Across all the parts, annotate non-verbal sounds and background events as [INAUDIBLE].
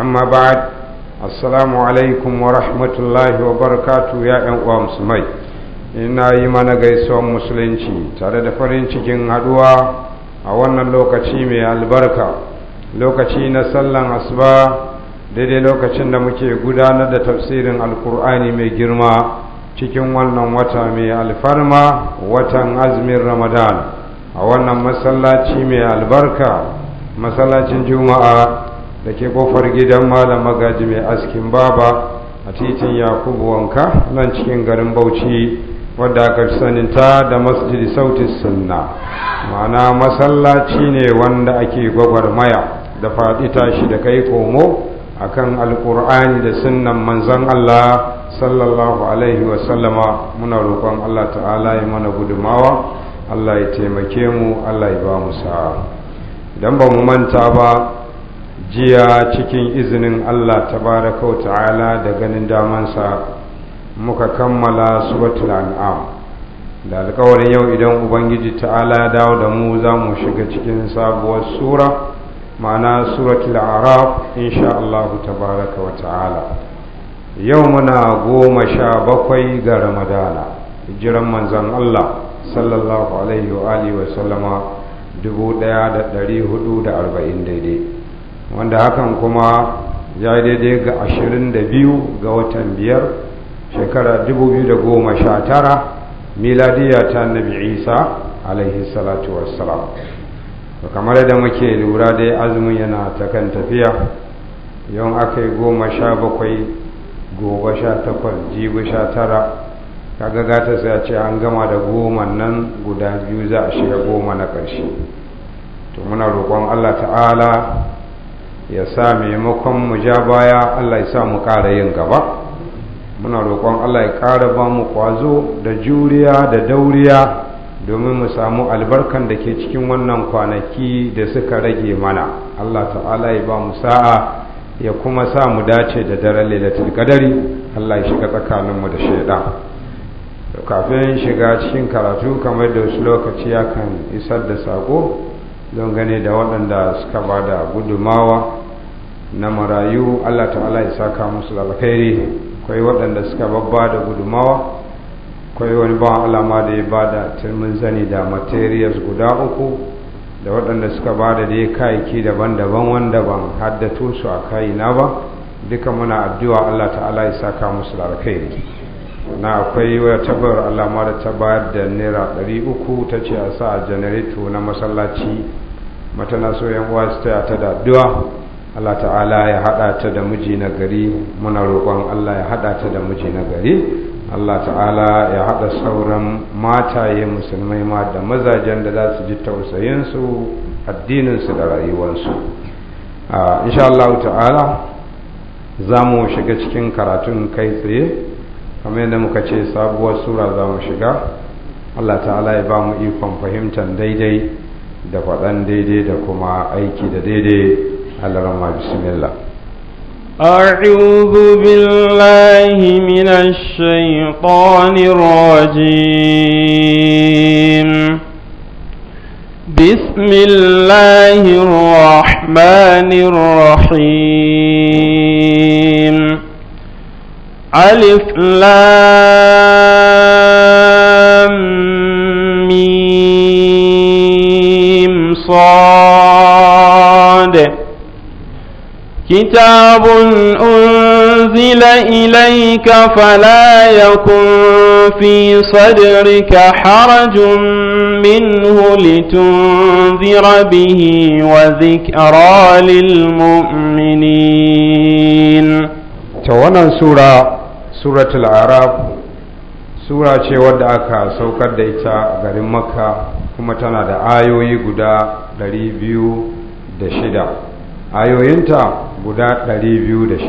amma ba assalamu alaikum wa rahmatullahi wa barakatu ya yan uwa musulmai ina yi mana gaisuwan musulunci tare da farin cikin haduwa a wannan lokaci mai albarka lokaci na sallan asuba daidai lokacin da muke gudanar da tafsirin alkur'ani mai girma cikin wannan wata mai alfarma watan azumin ramadan a wannan masallaci mai albarka masallacin juma'a da ke kofar gidan malam magaji mai askin baba a titin yakubu wanka nan cikin garin bauchi wadda aka fi saninta da masjidi sauti sunna mana masallaci ne wanda ake gwagwarmaya da faɗi tashi da kai komo a kan Alƙur'ani da sunnan manzan Allah sallallahu alaihi wasallama muna roƙon Allah ta'ala ya mana gudumawa Allah ya taimake mu Allah ya ba mu sa'a idan ba mu manta ba jiya cikin izinin Allah baraka wa ta'ala da ganin damansa muka kammala ba an'am da alƙawarin yau idan ubangiji ta'ala ya dawo da mu za mu shiga cikin sabuwar sura ma'ana suratul araf insha Allah baraka wa ta'ala yau muna goma sha bakwai ga ramadana jiran manzon Allah sallallahu alaihi wa alihi wa sallama dubu ɗaya da ɗari hudu da arba'in daidai wanda hakan kuma ya yi daidai ga ashirin da biyu ga watan biyar shekara 2019 miladiya ta nabi isa alaihi salatu wassalam to kamar da muke lura dai azumin yana ta kan tafiya yawan aka yi goma sha bakwai gobe sha takwas jibi sha tara kaga gata sai ce an gama da goma nan guda biyu za a shiga goma na ƙarshe to muna roƙon allah ta'ala ya sa maimakon mu ja baya Allah ya sa mu ƙara yin gaba muna roƙon Allah ya ƙara ba mu ƙwazo da juriya da dauriya domin mu samu albarkan da ke cikin wannan kwanaki da suka rage mana Allah ta'ala ya ba mu sa'a ya kuma sa mu dace da daren lailatul qadari Allah ya shiga tsakaninmu da shaidan kafin shiga cikin karatu kamar da wasu lokaci ya kan isar da sako don gane da waɗanda suka ba da gudumawa na marayu allah ta'ala ya saka musu da alkhairi akwai waɗanda suka babba da gudumawa kwai wani ba alama da ya ba da turmin zani da materials guda uku da waɗanda suka ba da dai kayaki daban-daban wanda ban haddato su a kayina ba duka muna addu'a allah ta'ala ya saka musu da alkhairi na akwai wata bar da ta bayar da naira ɗari uku ta ce a sa a janareto na masallaci mata na so uwa taya ta daɗuwa Allah ta'ala ya haɗa ta da miji na gari muna roƙon Allah ya haɗa ta da miji na gari Allah ta'ala ya haɗa sauran mataye musulmai ma da mazajen da za su ji tausayinsu addininsu da rayuwarsu ah, insha Allah ta'ala za mu shiga cikin karatun kai tsaye kamar yadda muka ce sabuwar sura za mu shiga allah ta'ala ya ba mu ikon fahimtar daidai da faɗan daidai da kuma aiki da daidai alarama bismillah أعوذ بالله من الشيطان الرجيم بسم الله الرحمن الرحيم ألف لام ميم صاد كتاب أنزل إليك فلا يكن في صدرك حرج منه لتنذر به وذكرى للمؤمنين. توانا سورة suratul araf sura ce wadda aka saukar da ita garin makka kuma tana da ayoyi guda 206 ayoyinta guda 206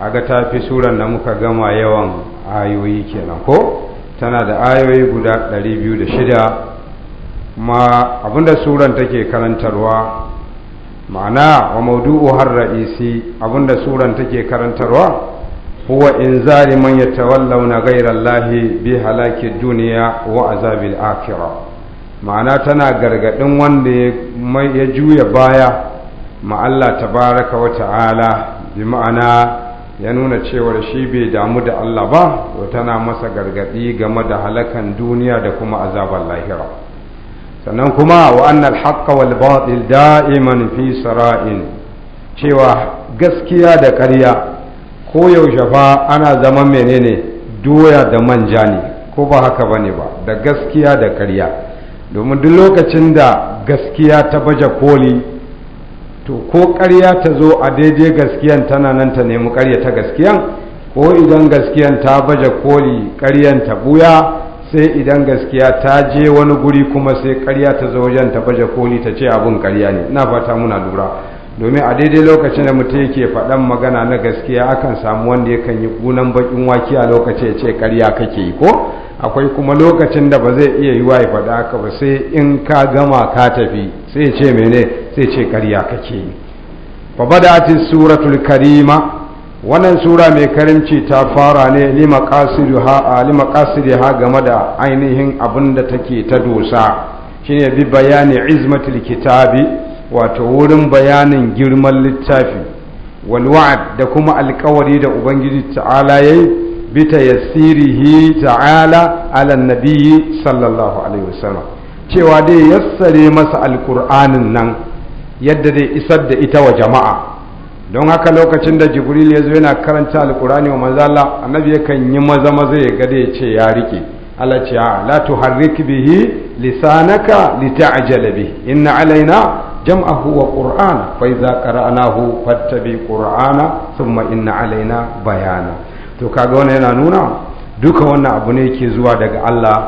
aga ta fi suran da muka gama yawan ayoyi kenan ko tana da ayoyi guda 206 ma abinda suran take karantarwa ma'ana wa maudu'u har ra'isi abinda suran take karantarwa هو إنزال من يتولون غير الله بهلاك الدنيا وعذاب الآخرة ma'ana tana gargaɗin wanda ya juya baya ma Allah tabaraka wa ta'ala bi ya nuna cewar shi bai damu da Allah ba to tana masa gargaɗi game da halakan duniya da kuma azabar lahira sannan kuma wa annal haqqa wal da'iman fi cewa gaskiya da ƙarya ko yaushe fa ana zaman menene doya da manja ne ko ba haka bane ba da gaskiya da karya domin duk lokacin da gaskiya ta baje koli to ko karya ta zo a daidai gaskiyan tana nan ta nemi karya ta gaskiyan ko idan gaskiyan ta baje koli karyan ta buya sai idan gaskiya ta je wani guri kuma sai karya ta zo wajen ta baje koli ta ce abin karya ne ina fata muna lura domin a daidai lokacin da mutum yake faɗan magana na gaskiya akan samu wanda ya kan yi kunan bakin waki a lokacin ya ce karya kake yi ko akwai kuma lokacin da ba zai iya yi wa ya faɗa haka ba sai in ka gama ka tafi sai ce mene sai ce karya kake yi fa bada'ati suratul karima wannan sura mai karimci ta fara ne lima game da ainihin abin da take ta dosa shine bi bayani izmatul kitabi wato wurin bayanin girman littafi walwa'ad da kuma alkawari da ubangiji ta'ala yayi bi tayassirihi ta'ala ala nabiyyi sallallahu alaihi wasallam cewa dai yassare masa alkur'anin nan yadda zai isar da ita wa jama'a don haka lokacin da jibril ya zo yana karanta alkur'ani wa manzala annabi yakan yi maza maza ya gade ya ce ya rike Allah ce la tuharrik bihi lisanaka lita'jala bihi inna alaina جمعه وقرآن qur'an قرأناه idza قرآن ثم qur'ana علينا inna alaina bayana to kaga wannan yana nuna duka wannan abu ne zuwa daga Allah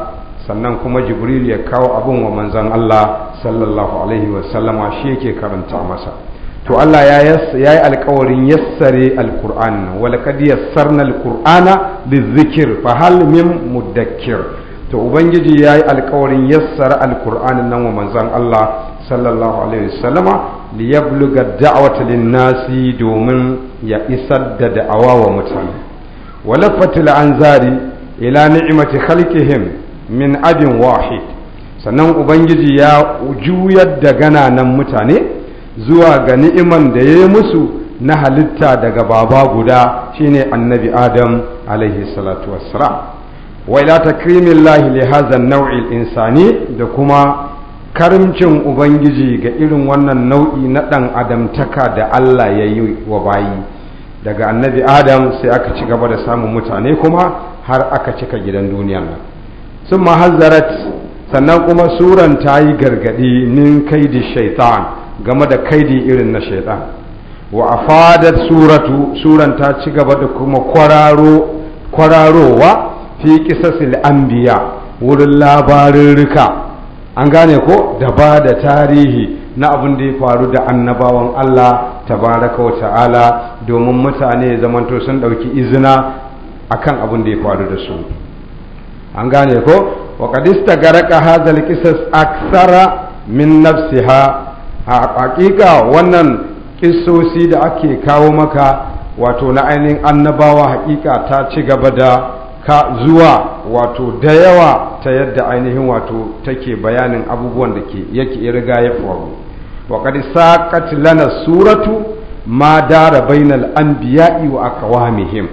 sannan kuma jibril ya kawo abin wa manzan Allah sallallahu alaihi wa sallama shi yake karanta masa to Allah ya yi alkawarin yassare alqur'an wa laqad yassarna alqur'ana lizikr fa hal min mudakkir to ubangiji ya yi alkawarin yassara alqur'an nan wa manzan Allah sallallahu alaihi wasallama li yabluga da'wata linnasi domin ya isar da da'awa wa mutane walafatil anzari ila ni'mati khalqihim min abin wahid sannan ubangiji ya juyar da gananan mutane zuwa ga ni'iman da ya yi musu na halitta daga baba guda shine annabi adam alaihi salatu wassalam wa ila takrimillahi li hadha an-naw'il insani da kuma karimcin ubangiji ga irin wannan nau'i na ɗan adamtaka da allah ya yi wa bayi daga annabi adam sai aka ci gaba da samun mutane kuma har aka cika gidan duniyar nan sun mahazzarat sannan kuma suran ta yi gargaɗi nin kaidi shaitan game da kaidi irin na shaitan wa fadar suratu suran ta ci gaba da kuma kwararowa fi kisasil anbiya wurin labarin rika an gane ko da ba da tarihi na abin da ya faru da annabawan Allah tabaraka wa ta'ala domin mutane zamanto sun ɗauki izina akan abin da ya faru da su an gane ko wa qadista garaka kisas qisas aksara min nafsiha a hakika wannan kisosi da ake kawo maka wato na ainihin annabawa hakika ta ci gaba da ka zuwa wato da yawa ta yadda ainihin wato take bayanin abubuwan da ke yake riga ya faru wa kadi saqat lana suratu ma dara bainal anbiya'i wa aqwamihim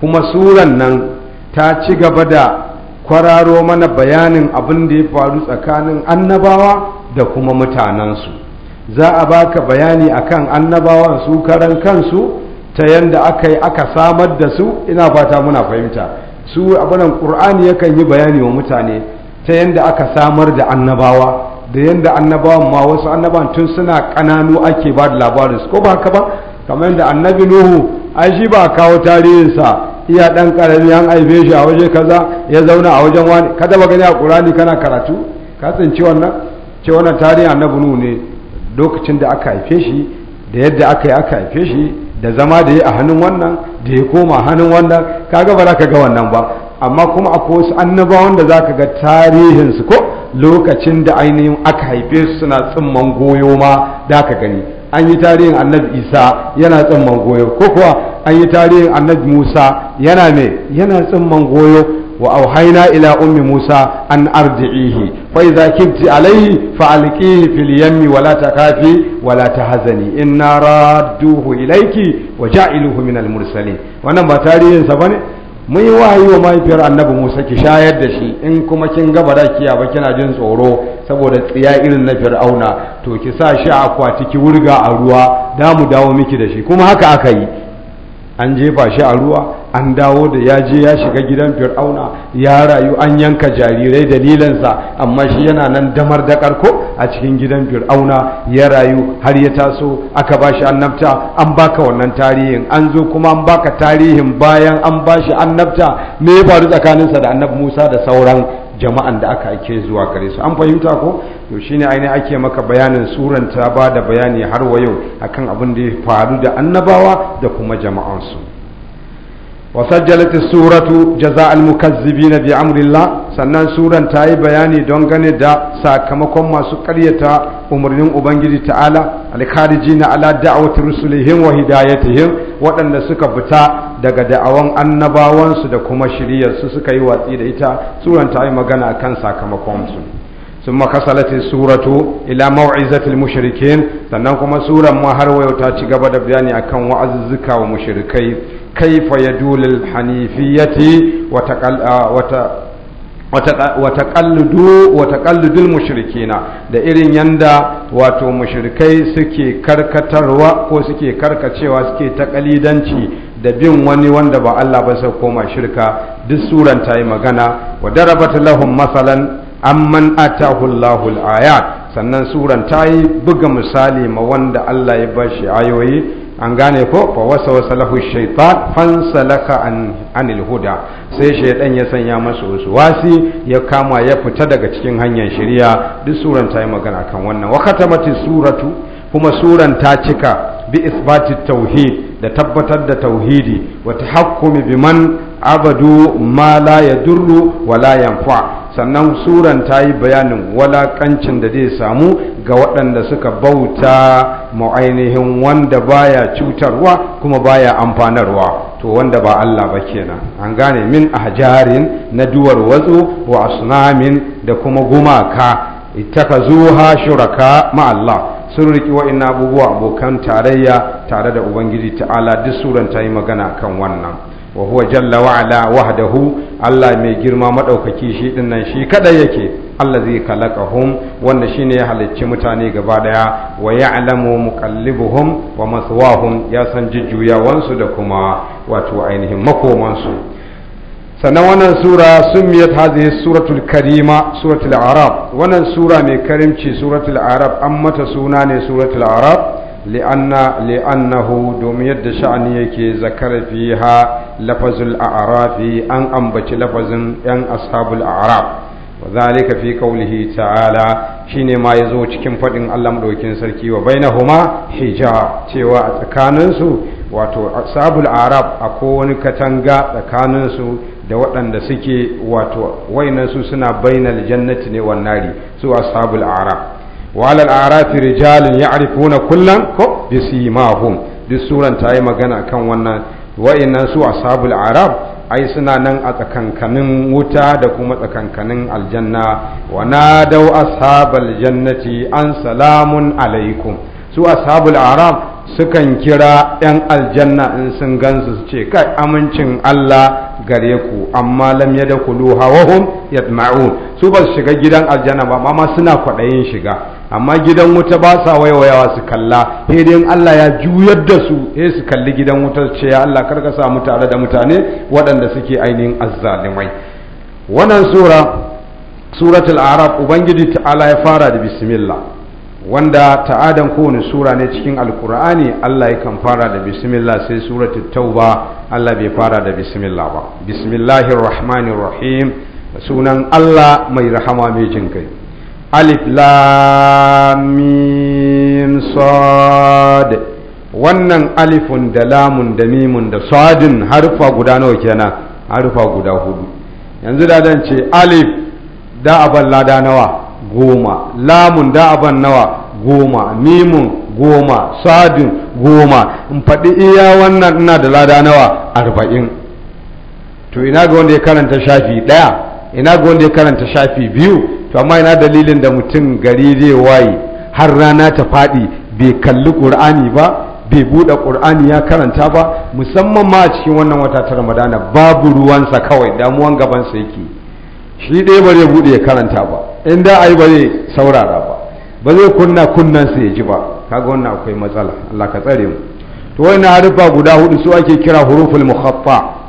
kuma suran nan ta ci gaba da kwararo mana bayanin abin da ya faru tsakanin annabawa da kuma mutanensu za a baka bayani akan annabawan su karan kansu ta yanda aka yi aka samar da su ina fata muna fahimta su abunan ƙur'ani yakan yi bayani wa mutane ta yadda aka samar da annabawa da yadda annabawan ma wasu annabawan tun suna ƙananu ake ba da labarin ko ba haka ba kamar yadda annabi nuhu ai shi ba kawo tarihinsa iya ɗan ƙarami an aibe shi a waje kaza ya zauna a wajen wani kada ba gani a ƙur'ani kana karatu ka tsinci wannan ce wannan tarihin annabi nuhu ne lokacin da aka haife shi da yadda aka yi aka haife shi da zama da yi a hannun wannan da ya koma hannun wannan kaga ba za ka ga wannan ba amma kuma akwai wasu annabawan da za ka ga tarihinsu ko lokacin da ainihin aka haife su suna tsimman goyo ma da ka gani an yi tarihin annabi isa yana tsimman goyo ko kuwa an yi tarihin annabi musa yana mai yana tsimman goyo وأوحينا إلى أم موسى أن أرجعيه فإذا كبت عليه فألقيه في اليم ولا تخافي ولا تحزني إنا رادوه إليك وجعلوه من المرسلين وأنا بتاريخ سبني mun yi wahayi wa mahaifiyar annabi musa ki shayar da shi in kuma kin ga bara kiya ba kina jin tsoro saboda tsiya irin na fir'auna to ki sa shi a akwati ki wurga a ruwa da mu dawo miki da shi kuma haka aka yi an jefa shi a ruwa an dawo da ya je ya shiga gidan fir'auna ya rayu an yanka jarirai dalilansa amma shi yana nan damar da karko a cikin gidan fir'auna ya rayu har ya taso aka ba shi annabta an baka wannan tarihin an zo kuma an baka tarihin bayan an ba bashi annabta me ya faru tsakaninsa da annabi Musa da sauran jama'an da aka ake zuwa gare su an fahimta ko to shine aini ake maka bayanin suran ta ba da bayani har wa yau akan abin da ya faru da annabawa da kuma jama'ansu wasajjalata suratu jaza na bi amrillah sannan suran ta yi bayani don gane da sakamakon masu karyata umarnin ubangiji ta'ala alkharijina ala da'awati rusulihim wa hidayatihim waɗanda suka fita daga da'awan annabawansu da kuma shiryarsu suka yi watsi da ita suran ta yi magana kan sakamakon su ثم كسلت السورة إلى sannan kuma سنن كما سورة ما هر ويوتا تشغب دبياني أكن وعز الزكا ومشركي كيف يدول الحنيفية hanifiyyati wa taqal mushrikina da irin yanda wato mushrikai suke karkatarwa ko suke karkacewa suke takalidanci da bin wani wanda ba Allah ba sai koma shirka duk suran ta yi magana wa darabat lahum masalan amman atahu Allahul ayat sannan suran ta yi buga misali ma wanda Allah ya bashi ayoyi an gane ko fa wasa lahu fansa laka an sai shaidan ya sanya masa wasi ya kama ya fita daga cikin hanyar shari'a duk suran ta yi magana kan wannan wa katamati suratu kuma suran ta cika bi isbati tauhid da tabbatar da tauhidi wata tahakkumi biman abadu ma la yadurru wa la yanfa sannan suran ta yi bayanin walakancin da zai samu ga waɗanda suka bauta ma'ainihin wanda baya cutarwa kuma baya amfanarwa to wanda ba Allah ba kenan an gane min ahjarin na duwar watsu wa asnamin da kuma gumaka ita itakazuha shuraka ma Allah sun riki ina abubuwa abokan tarayya tare da ubangiji ta'ala duk suran ta yi magana kan wannan wa huwa jalla wa ala wahdahu Allah mai girma madaukaki shi din nan shi kada yake allazi khalaqahum wanda shine ya halicci mutane gaba daya wa ya'lamu muqallibuhum wa maswahum ya san jujjuyawansu da kuma wato ainihin makomansu sannan wannan sura sumiyat hadhihi suratul karima suratul arab wannan sura mai karimci suratul arab an mata suna ne suratul arab li'anna li'annahu domin yadda sha'ani yake zakar fiha lafazul a'rafi an ambaci lafazin yan ashabul a'raf wa zalika fi qawlihi ta'ala shine ma yazo cikin fadin Allah madaukin sarki wa bainahuma hijab cewa a tsakanin su wato ashabul a'raf akwai wani katanga tsakanin su da waɗanda suke wato wayannan su suna bainal jannati ne wan nari su ashabul a'raf wa alal rijalin ya ya'rifuna kullan ko bi simahum duk suran ta yi magana kan wannan wa'annan su ashabul arab ai suna nan a tsakankanin wuta da kuma tsakankanin aljanna wa nadau ashabal jannati an salamun alaikum su ashabul arab sukan kira yan aljanna in sun gansu su ce kai amincin Allah gare ku amma lam yadkhulu hawahum yatma'un su ba su shiga gidan aljanna ba amma suna kwaɗayin shiga amma gidan wuta ba sa waiwayawa su kalla sai dai Allah ya juyar da su sai su kalli gidan wuta ce ya Allah karka sa mu tare da mutane waɗanda suke ainihin azzalimai wannan sura suratul araf ubangiji ta'ala ya fara da bismillah wanda ta'adan kowane sura ne cikin alkur'ani Allah yakan fara da bismillah sai suratul tauba Allah bai fara da bismillah ba bismillahir rahmanir rahim sunan Allah mai rahama mai jinkai alif lam sad wannan alifun da lamun da mimun da sadin harfa guda nawa kenan harfa guda hudu yanzu da zan ce alif da aban lada nawa goma lamun da aban nawa goma mimun goma sadin goma in faɗi iya wannan ina da lada nawa arba'in to ina ga wanda ya karanta shafi ɗaya ina ga wanda ya karanta shafi biyu to amma ina dalilin da mutum gari zai waye har rana ta faɗi bai kalli ƙur'ani ba bai buɗe ƙur'ani ya karanta ba musamman ma a cikin wannan wata ta ramadana babu ruwansa kawai damuwan gabansa yake shi ɗaya ba zai buɗe ya karanta ba in da ai ba zai saurara ba ba zai kunna kunnansa ya ji ba kaga wannan akwai matsala Allah ka tsare mu to wannan harufa guda hudu su ake kira huruful mukhaffa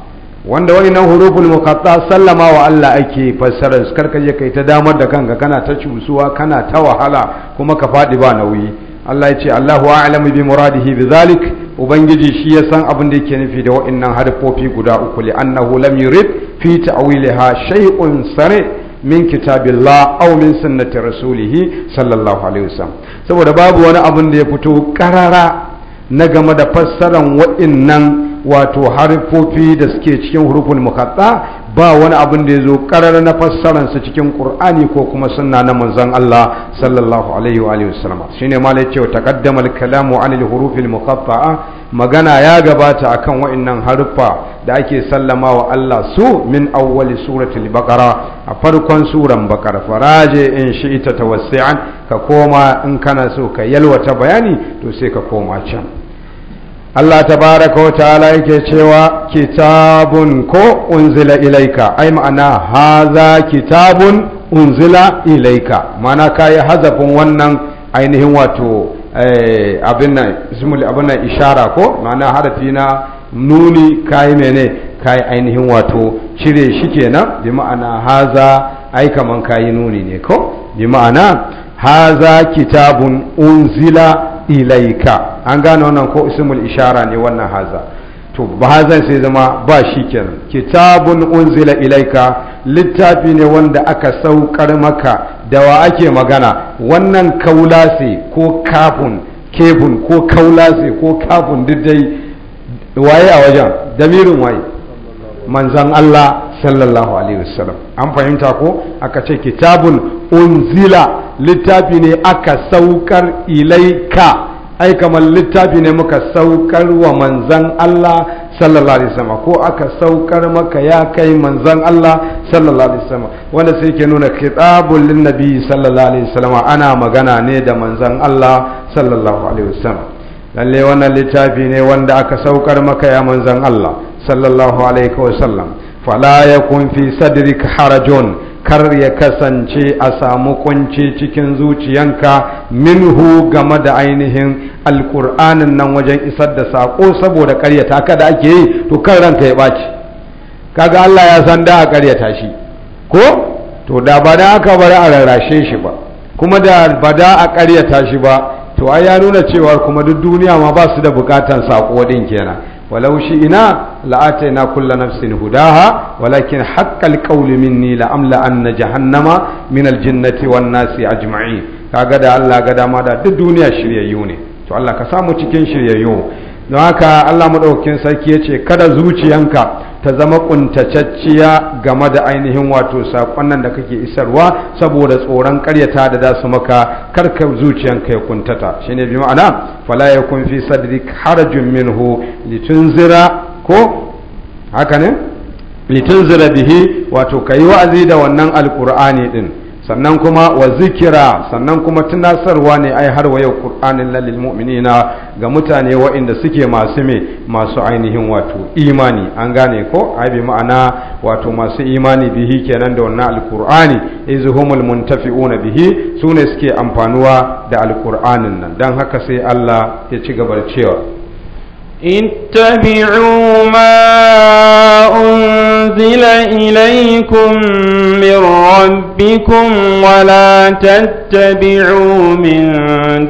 wanda wani nan huruful muqatta sallama wa Allah ake fassara karka je kai ta damar da kanka kana ta cusuwa kana ta wahala kuma ka fadi ba nauyi Allah ya ce Allahu a'lamu bi muradihi bi zalik ubangiji shi ya san abin da yake nufi da wa'annan harfofi guda uku li annahu lam yurid fi ta'wiliha shay'un sare min kitabillah aw min sunnati ra'sulihi sallallahu alaihi wasallam saboda babu wani abin da ya fito karara na game da fassaran wa'annan wato harfofi da suke cikin hurufin mukatta ba wani abin da ya zo karar na fassararsa cikin ƙur'ani ko kuma sunna na manzon Allah sallallahu alaihi wa alihi wasallam shine ma lai cewa taqaddama al-kalamu an al-hurufil muqatta'a magana ya gabata akan wa'annan haruffa da ake sallama wa Allah su min awwali suratul baqara a farkon suran baqara faraje in shi'ita tawassi'an ka koma in kana so ka yalwata bayani to sai ka koma can Allah ta wa ta'ala yake cewa kitabun ko unzila ilaika ai ma'ana haza kitabun unzila ilaika mana kayi hazafin wannan ainihin wato eh, abin nan ishara ko ma'ana harafi na nuni kayi mene kayi ainihin wato cire shi kenan bi ma'ana haza ai kaman kayi nuni ne ko bi ma'ana haza kitabun unzila ilaika an gane wannan ko ismul ishara ne wannan haza to ba hazan sai zama ba shi kenan kitabun unzila ilaika littafi ne wanda aka saukar maka da wa ake magana wannan kaulase ko kafun kebun ko kaulase ko kafun duk waye a wajen damirin waye manzan Allah sallallahu alaihi wasallam an fahimta ko aka ce kitabun unzila littafi ne aka saukar ilaika ai kamar littafi ne muka saukar wa manzan Allah sallallahu alaihi wasallam ko aka saukar maka ya kai manzan Allah sallallahu alaihi wasallam wanda sai ke nuna kitabul linnabi sallallahu alaihi wasallam ana magana ne da manzan Allah sallallahu alaihi wasallam lalle wannan littafi ne wanda aka saukar maka ya manzan Allah sallallahu alaihi wasallam fala yakun fi sadrika harajun kar ya kasance a samu kunci cikin zuciyanka minhu game da ainihin alkur'anin nan wajen isar da sako saboda karyata ka ake yi to kan ranka ya ɓaci kaga Allah ya san da a karyata shi ko to da ba da aka bar a rarrashe shi ba kuma da ba da a karyata shi ba to ai ya nuna cewa kuma duk duniya ma ba su da bukatan sako ɗin kenan ولو شئنا لآتينا كل نفس هداها ولكن حق القول مني لأملأن جهنم من الجنة والناس أجمعين كقد الله قد ما دا الدنيا شريعيوني تو الله كسامو تكين شريعيو don haka Allah maɗaukakin sarki ya ce kada zuciyanka ta zama ƙuntacacciya game da ainihin wato saƙon nan da kake isarwa saboda tsoron karyata da za su maka karka zuciyanka ya kuntata shi ne bi ma'ana fala kun fi sadrik harajin minhu litunzira ko haka ne litunzira bihi wato kayi wa'azi da wannan alƙur'ani din sannan kuma wa zikira sannan kuma tunasarwa ne ai har wa yau qur'anin lalil mu'minina ga mutane waanda suke masu me masu ainihin wato imani an gane ko ai bi ma'ana wato masu imani bihi kenan da wannan alqur'ani izhumul muntafi'una bihi sune suke amfanuwa da alqur'anin nan dan haka sai Allah ya ci gaba da cewa ittabi'u ma أنزل إليكم من ربكم ولا تتبعوا من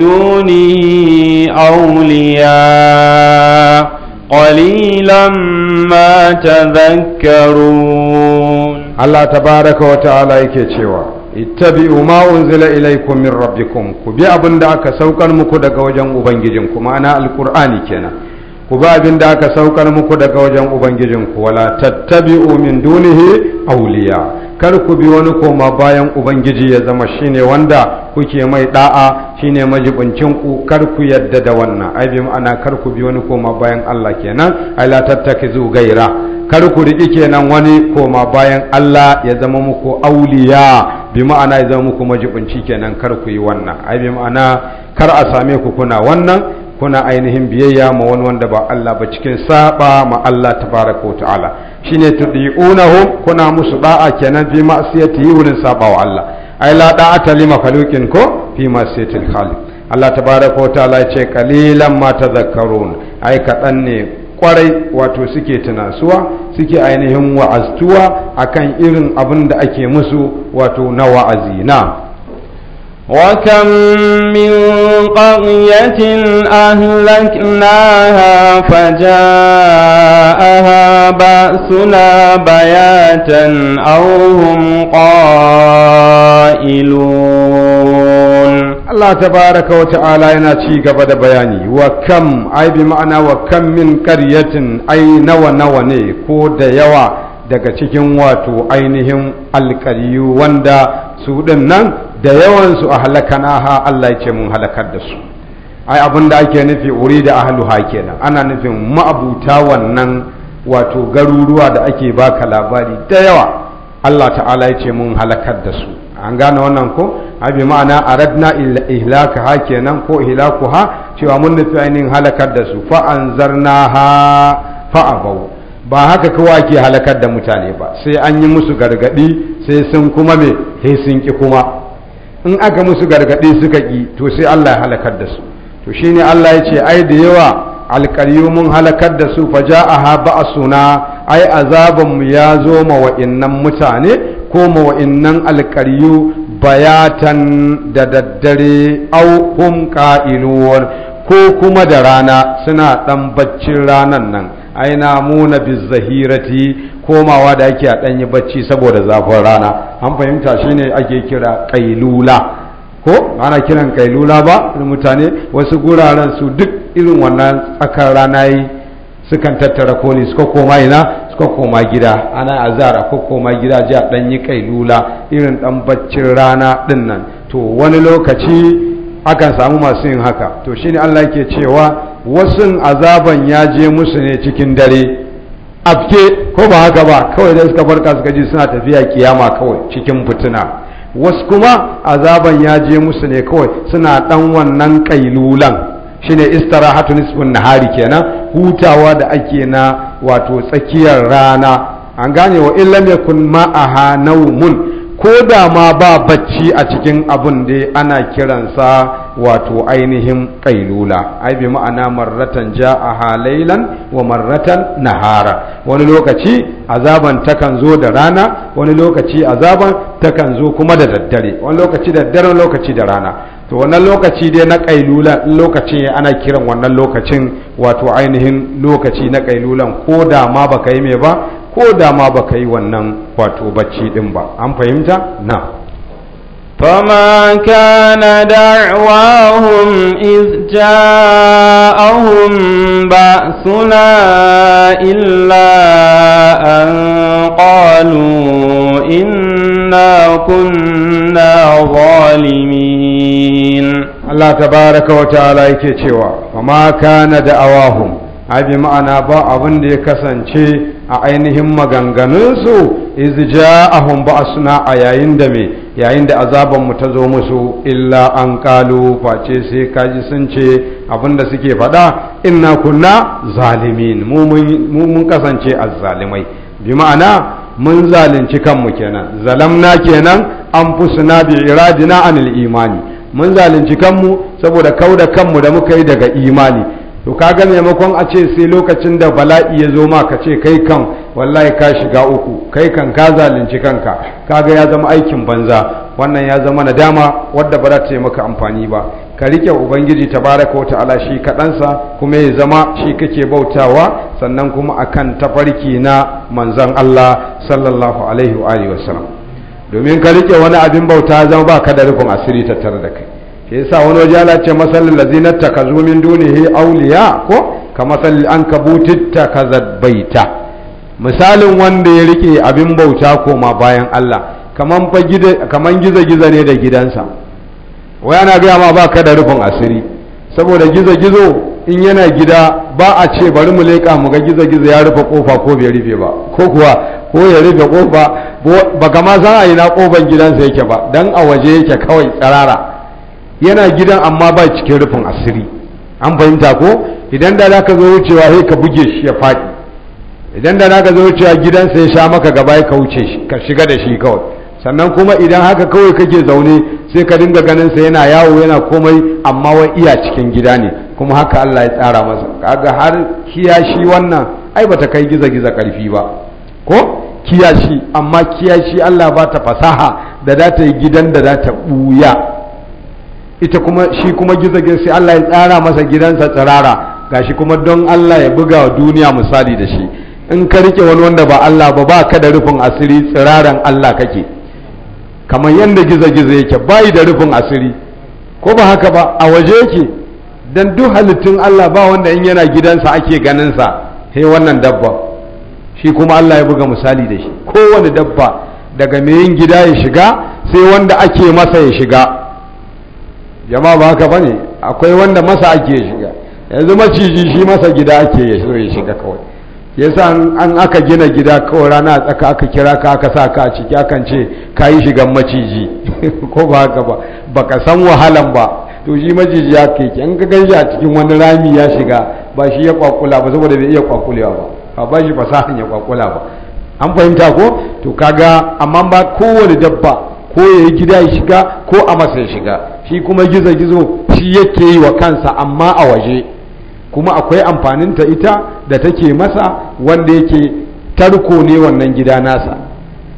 دونه أولياء قليلا ما تذكرون الله تبارك وتعالى يكتشوا ittabi'u ma unzila ilaykum min rabbikum ku bi abin da aka saukar muku daga wajen ubangijinku ma'ana alqur'ani kenan ku ba abin da aka saukar muku daga wajen ubangijinku wala tattabi'u min dunihi awliya kar ku bi wani koma bayan ubangiji ya zama shine wanda kuke mai da'a shine majibincin ku kar ku yadda da wannan ai bi ma'ana kar ku bi wani koma bayan Allah kenan ai la tattakizu gaira kar ku riki kenan wani koma bayan Allah ya zama muku awliya bi ma'ana ya zama muku majibinci kenan kar ku yi wannan ai bi ma'ana kar a same ku kuna wannan kuna ainihin biyayya ma wani wanda ba Allah ba cikin saba ma Allah tabaraka ta'ala shine tudiunahum kuna musu da'a kenan fi ma'siyati wurin saba wa Allah ai la da'ata li makhluqin ko fi ma'siyati al-khaliq Allah tabaraka ta'ala ya ce qalilan ma tadhakkarun ai kadan ne kwarai wato suke tunasuwa suke ainihin wa'aztuwa akan irin abin da ake musu wato na wa'azi na وكم من قرية أهلكناها فجاءها بأسنا بياتا أو هم قائلون الله تبارك وتعالى يناتي قبل بياني وكم أي بمعنى وكم من قرية أي نوى نوى ني كود يوى daga cikin wato ainihin alkariyu wanda su ɗin nan da yawansu a halakanaha Allah ya ce mun halakar da su ai abin da ake nufi wuri da ha kenan ana nufin ma'abuta wannan wato garuruwa da ake baka labari da yawa Allah ta'ala ya ce mun halakar da su an gane wannan ko abi ma'ana aradna ihlaka ha kenan ko ihlaku ha cewa mun nufi ainihin halakar da su fa anzarna ha fa abau ba haka kowa ke halakar da mutane ba sai an yi musu gargadi sai sun kuma me sai sun ki kuma in aka musu gargaɗi suka ƙi to sai Allah ya halakar da su to shine Allah ya ce ai da yawa alƙaryu mun halakar da su fa ja'aha suna, ai azaban ya zo ma wa'innan mutane ko ma wa'innan alƙaryu bayatan da daddare au hum ko kuma da rana suna ɗan baccin ranan nan aina ai bi zahirati komawa da ake a danyi bacci saboda zafin rana an fahimta shine ake kira kailula ko ana kiran kailula ba mutane wasu guraren su duk irin wannan tsakar rana yi sukan tattara koli suka koma ina suka koma gida ana azara ko koma gida ji a danyi kailula irin dan baccin rana din nan to wani lokaci akan samu masu yin haka to shine Allah yake cewa wasun azaban ya je musu ne cikin dare afke ko ba haka ba kawai da suka farka suka ji suna tafiya kiyama kawai cikin fitina wasu kuma azaban ya je musu ne kawai suna dan wannan kailulan shine istirahatu na hari kenan hutawa da ake na wato tsakiyar rana an gane wa illam yakun ma'aha naumun ko da ma ba bacci a cikin abin da ana kiransa wato ainihin ƙailula ai bi ma'ana marratan ja a halailan wa marratan nahara wani lokaci azaban takan zo da rana wani lokaci azaban takan zo kuma da daddare wani lokaci daddare lokaci da rana to wannan lokaci dai na ƙailula lokacin ana kiran wannan lokacin wato ainihin lokaci na ƙailulan ko da ma baka yi mai ba Ko dama ba ka yi wannan fatu bacci ɗin ba, an fahimta na. Bama kanada a wahum isca a wahum ba suna illa an ƙaru ina kunna volumin. Allah ta baraka wata ala yake cewa bamaka na da'a wahum, a ma'ana ba abin da ya kasance. a ainihin maganganunsu iz ja'ahum ba'suna a yayin da me yayin da azaban mu ta zo musu illa an kalu face sai kaji sun ce abinda suke faɗa inna kunna zalimin mu mun kasance azzalimai bi ma'ana mun zalunci kanmu kenan zalamna kenan an fusuna bi iradina anil imani mun zalunci kanmu saboda kauda kanmu da muka yi daga imani to kaga maimakon a ce sai lokacin da bala'i ya zo ma ka ce kai kan wallahi ka shiga uku kai kan ka zalunci kanka kaga ya zama aikin banza wannan ya zama nadama wadda ba za ta yi maka amfani ba ka rike ubangiji ta baraka wa ta'ala shi kaɗansa kuma ya zama shi kake bautawa sannan kuma akan tafarki na manzan Allah sallallahu alaihi wa alihi wasallam domin ka rike wani abin bauta zama ba ka da rufin asiri tattare da kai ke yasa wani waje ala ce masalin lazina takazu min dunihi auliya ko ka masalin an ka butitta ka zabaita misalin wanda ya rike abin bauta koma bayan Allah kaman gizo-gizo ne da gidansa waya na gaya ma ba ka da rufin asiri saboda giza gizo in yana gida ba a ce bari mu leƙa mu ga giza giza ya rufe kofa ko bai rufe ba ko kuwa ko ya rufe kofa ba ma san a ina kofan gidansa yake ba dan a waje yake kawai tsarara yana gidan amma ba cikin rufin asiri an fahimta ko idan da za ka zo wucewa sai ka buge shi ya faɗi idan da za ka zo wucewa gidansa ya sha maka gaba ka wuce ka shiga da shi kawai sannan kuma idan haka kawai kake zaune sai ka dinga ganin sa yana yawo yana komai amma wai iya cikin gida ne kuma haka Allah ya tsara masa kaga har kiyashi wannan ai bata kai giza giza karfi ba ko kiyashi amma kiyashi Allah ba ta fasaha da za ta yi gidan da za ta buya ita kuma shi kuma gizage sai Allah ya tsara masa gidansa tsirara gashi kuma don Allah ya buga wa duniya misali da shi in ka rike wani wanda ba Allah ba ba ka da rufin asiri tsiraran Allah kake kamar yadda gizagiza yake bayi da rufin asiri ko ba haka ba a waje yake don duk halittun Allah ba wanda in yana gidansa ake ganinsa he wannan dabba shi kuma Allah ya buga misali da shi kowane dabba daga mai yin gida ya shiga sai wanda ake masa ya shiga jama'a ba haka bane akwai wanda masa ake shiga yanzu maciji shi masa gida ake ya shiga kawai yasa an aka gina gida kawai rana tsaka aka kira ka aka sa ka a ciki akan ce ka yi shigan maciji [LAUGHS] ko ba haka ba baka san wahalan ba to shi maciji ya keke an ka ganshi a cikin wani rami ya shiga ba shi ya kwakula ba saboda bai iya kwakulewa ba ba ba shi fasahan ya kwakula ba an fahimta ko to kaga amma ba kowane dabba ko ya yi gida ya shiga ko a masa ya shiga shi kuma gizo-gizo shi yake yi wa kansa amma a waje kuma akwai amfaninta ita da take masa wanda yake tarko ne wannan gida nasa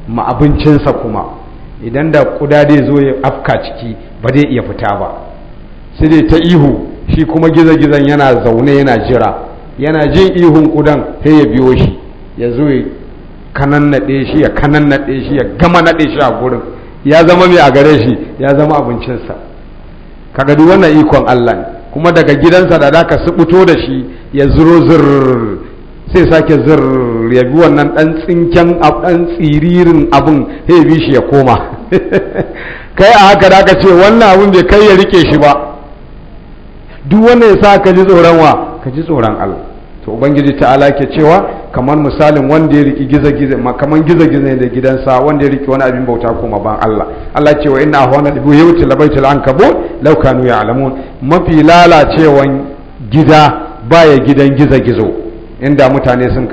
ma abincinsa kuma idan da kuda dai zo ya afka ciki ba zai iya fita ba sai dai ta ihu shi kuma gizo-gizon yana zaune yana jira yana jin ihun kudan sai ya biyo shi ya zo ya kanannaɗe shi ya kanannaɗe shi ya gama naɗe shi a gurin ya zama mai a gare shi ya zama abincinsa kaga duk wannan ikon Allah ne kuma daga gidansa da zaka subuto da shi ya zuro zur, sai sake zur ya bi wannan dan tsinken dan tsiririn abun sai bi shi ya koma [LAUGHS] kai a haka da ka ce wannan abun bai kai ya rike shi ba duk wannan ya sa ka ji tsoron wa ka ji tsoron Allah to ubangiji ta'ala ke cewa kamar misalin wanda ya riki giza-giza ma kamar giza-giza da gidansa wanda ya riki wani abin bauta kuma ban Allah Allah ce wa inna ahwana libu yawti labaitul ankabut law kanu ya'lamun mafi lalacewan gida baya gidan giza-gizo inda mutane sun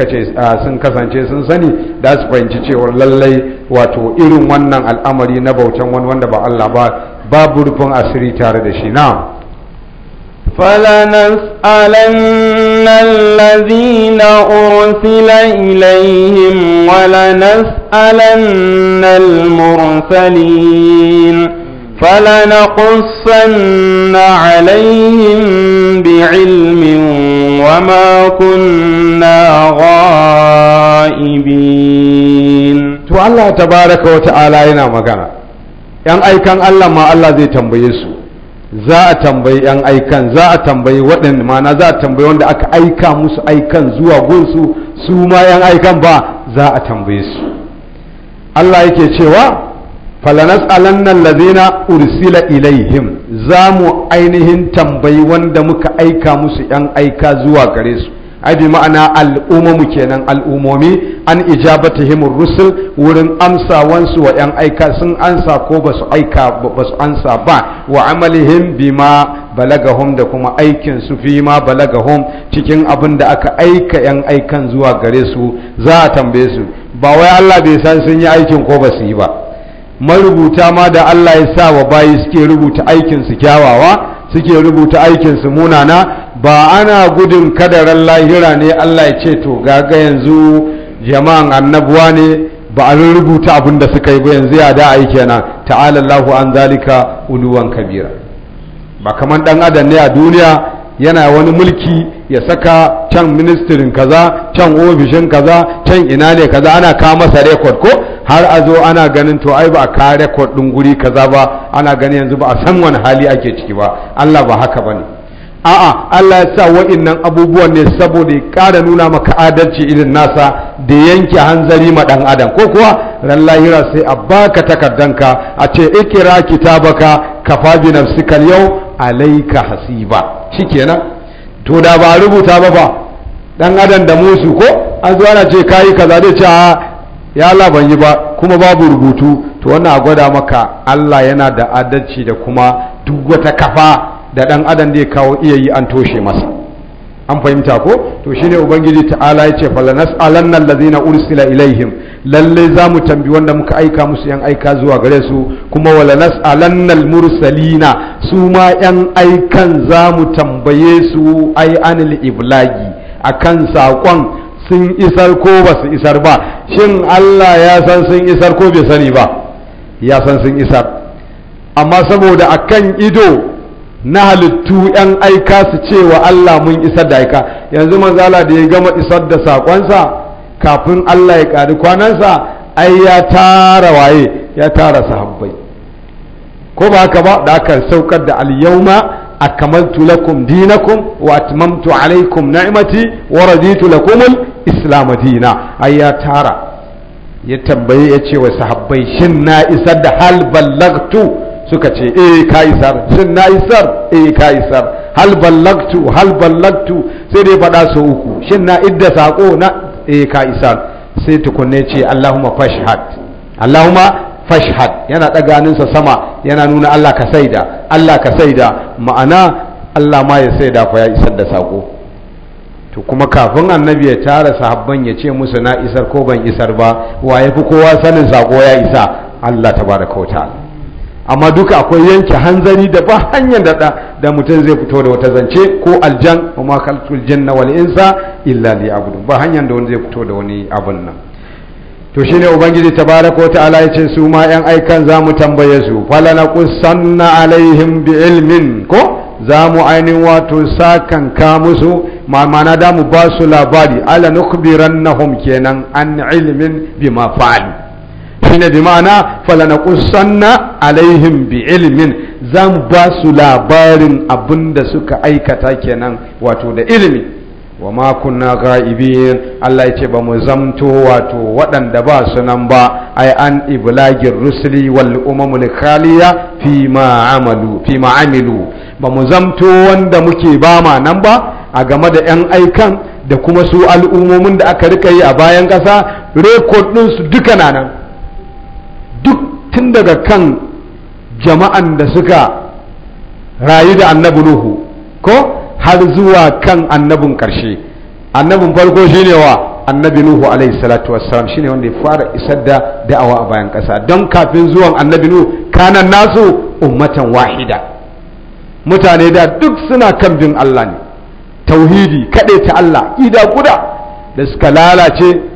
kasance sun sani da su fahimci cewar lallai wato irin wannan al'amari na bautan wani wanda ba Allah ba babu rufin asiri tare da shi na Falanan falanas'alan لنسألن الذين أرسل إليهم ولنسألن المرسلين فلنقصن عليهم بعلم وما كنا غائبين تو الله تبارك وتعالى ينا مغانا yan aikan Allah ma Allah zai tambaye su za a tambayi yan aikan za a tambayi waɗanda mana za a tambayi wanda aka aika musu aikan zuwa gunsu su ma yan aikan ba za a tambaye su Allah yake cewa falanas alannan lazina ursila ilaihim za mu ainihin tambayi wanda muka aika musu yan aika zuwa gare su ai bi ma'ana al'umamu kenan al'umomi an ijabatihim rusul wurin amsawansu wa yan aika sun ansa ko ba su aika ba su ansa ba wa amalihim bima balagahum da kuma aikin su fi ma balagahum cikin abin da aka aika yan aikan zuwa gare su za a tambaye su ba wai Allah bai san sun yi aikin ko ba su yi ba marubuta ma da Allah ya sa wa bayi suke rubuta aikin su kyawawa suke rubuta aikinsu munana ba ana gudun kadaran lahira ne Allah ya ce to gaga yanzu jama'an annabuwa ne ba a rubuta abin da suka yi ba yanzu ya da aiki yana ta'ala Allahu an zalika uluwan kabira ba kaman dan adam ne a duniya yana wani mulki ya saka can ministerin kaza can ofishin kaza can ina ne kaza ana kawo masa rekod ko har a zo ana ganin to ai ba a kare rekod ɗin guri kaza ba ana ganin yanzu ba a san wani hali ake ciki ba Allah ba haka ba ne a'a Allah ya sa wa'innan abubuwan ne saboda ya ƙara nuna maka adalci irin nasa da yanke hanzari ma ɗan adam ko kuwa ran lahira sai a baka takardanka a ce ikira kitabaka kafa na sikal yau alaika hasiba shikenan to da ba rubuta ba ba dan adam da musu ko an zo ana ce kayi kaza dai ce ya Allah ban yi ba kuma babu rubutu to wannan a gwada maka Allah yana da adalci da kuma duk wata kafa da dan adam da ya kawo iya yi an toshe masa an fahimta ko to shine ubangiji ta'ala ya ce falanas alanna allazina ursila ilaihim lalle za mu tambi wanda muka aika musu yan aika zuwa gare su kuma walanas alannal mursalina su ma yan aikan za mu tambaye su ai anil iblagi akan saƙon sun isar ko ba su isar ba shin Allah ya san sun isar ko bai sani ba ya san sun isar amma saboda a kan ido na halittu 'yan aika su ce wa Allah mun isar da aika yanzu manzala da ya gama isar da sakonsa kafin Allah ya ƙari kwanansa ai ya tara waye ya tara sahabbai ko ba haka ba da aka saukar da al-yawma akmaltu lakum dinakum wa atmamtu alaykum ni'mati wa raditu lakum al tara ya tambayi ya ce wa sahabbai shin na isar da hal ballagtu suka ce e eh, kai sar shin na isar eh kai sar hal ballagtu hal ballagtu sai dai fada su uku shin na idda sako na eh kai sai tukunne ce allahumma fashhad allahumma fashhad yana ɗaganinsa sama yana nuna Allah ka saida Allah ka saida ma'ana Allah ma ya saida fa ya isar da sako to kuma kafin annabi ya tara sahabban ya ce musu na isar ko ban isar ba wa yafi kowa sanin sako ya isa Allah tabaraka wa ta'ala amma duka akwai yanke hanzari da ba hanyar da da mutum zai fito da wata zance ko aljan wa ma khalqul janna wal insa illa abudu ba hanyar da wani zai fito da wani abun nan to shi ne ubangiji tabaraka ko ta'ala yace su ma yan aikan za mu tambaye su falana sanna alaihim bi ilmin ko mu ainihin wato sakan ka musu ma mana da mu ba su labari ala nahum kenan an ilmin bima fa'al ne bi ma'ana falana sanna alaihim bi ilmin mu ba su labarin da suka aikata kenan wato da ilmi wa ma kunna ghaibin Allah yace ba mu zamto wato waɗanda ba su nan ba ai an iblagir rusuli wal umamul khaliya fi ma amalu fi ma amilu ba mu zamto wanda muke ba ma nan ba a game da yan aikan da kuma su al'ummomin da aka rika yi a bayan ƙasa rekod ɗin su duka na nan duk tun daga kan jama'an da suka rayu da annabi nuhu ko har zuwa kan annabin ƙarshe annabin farko shine wa annabi nuhu alaihi salatu wassalam shine wanda ya fara isar da da'awa a bayan ƙasa don kafin zuwan annabi nuhu kana nasu ummatan wahida mutane da duk suna kan bin Allah ne tauhidi kaɗai ta Allah ida guda da suka lalace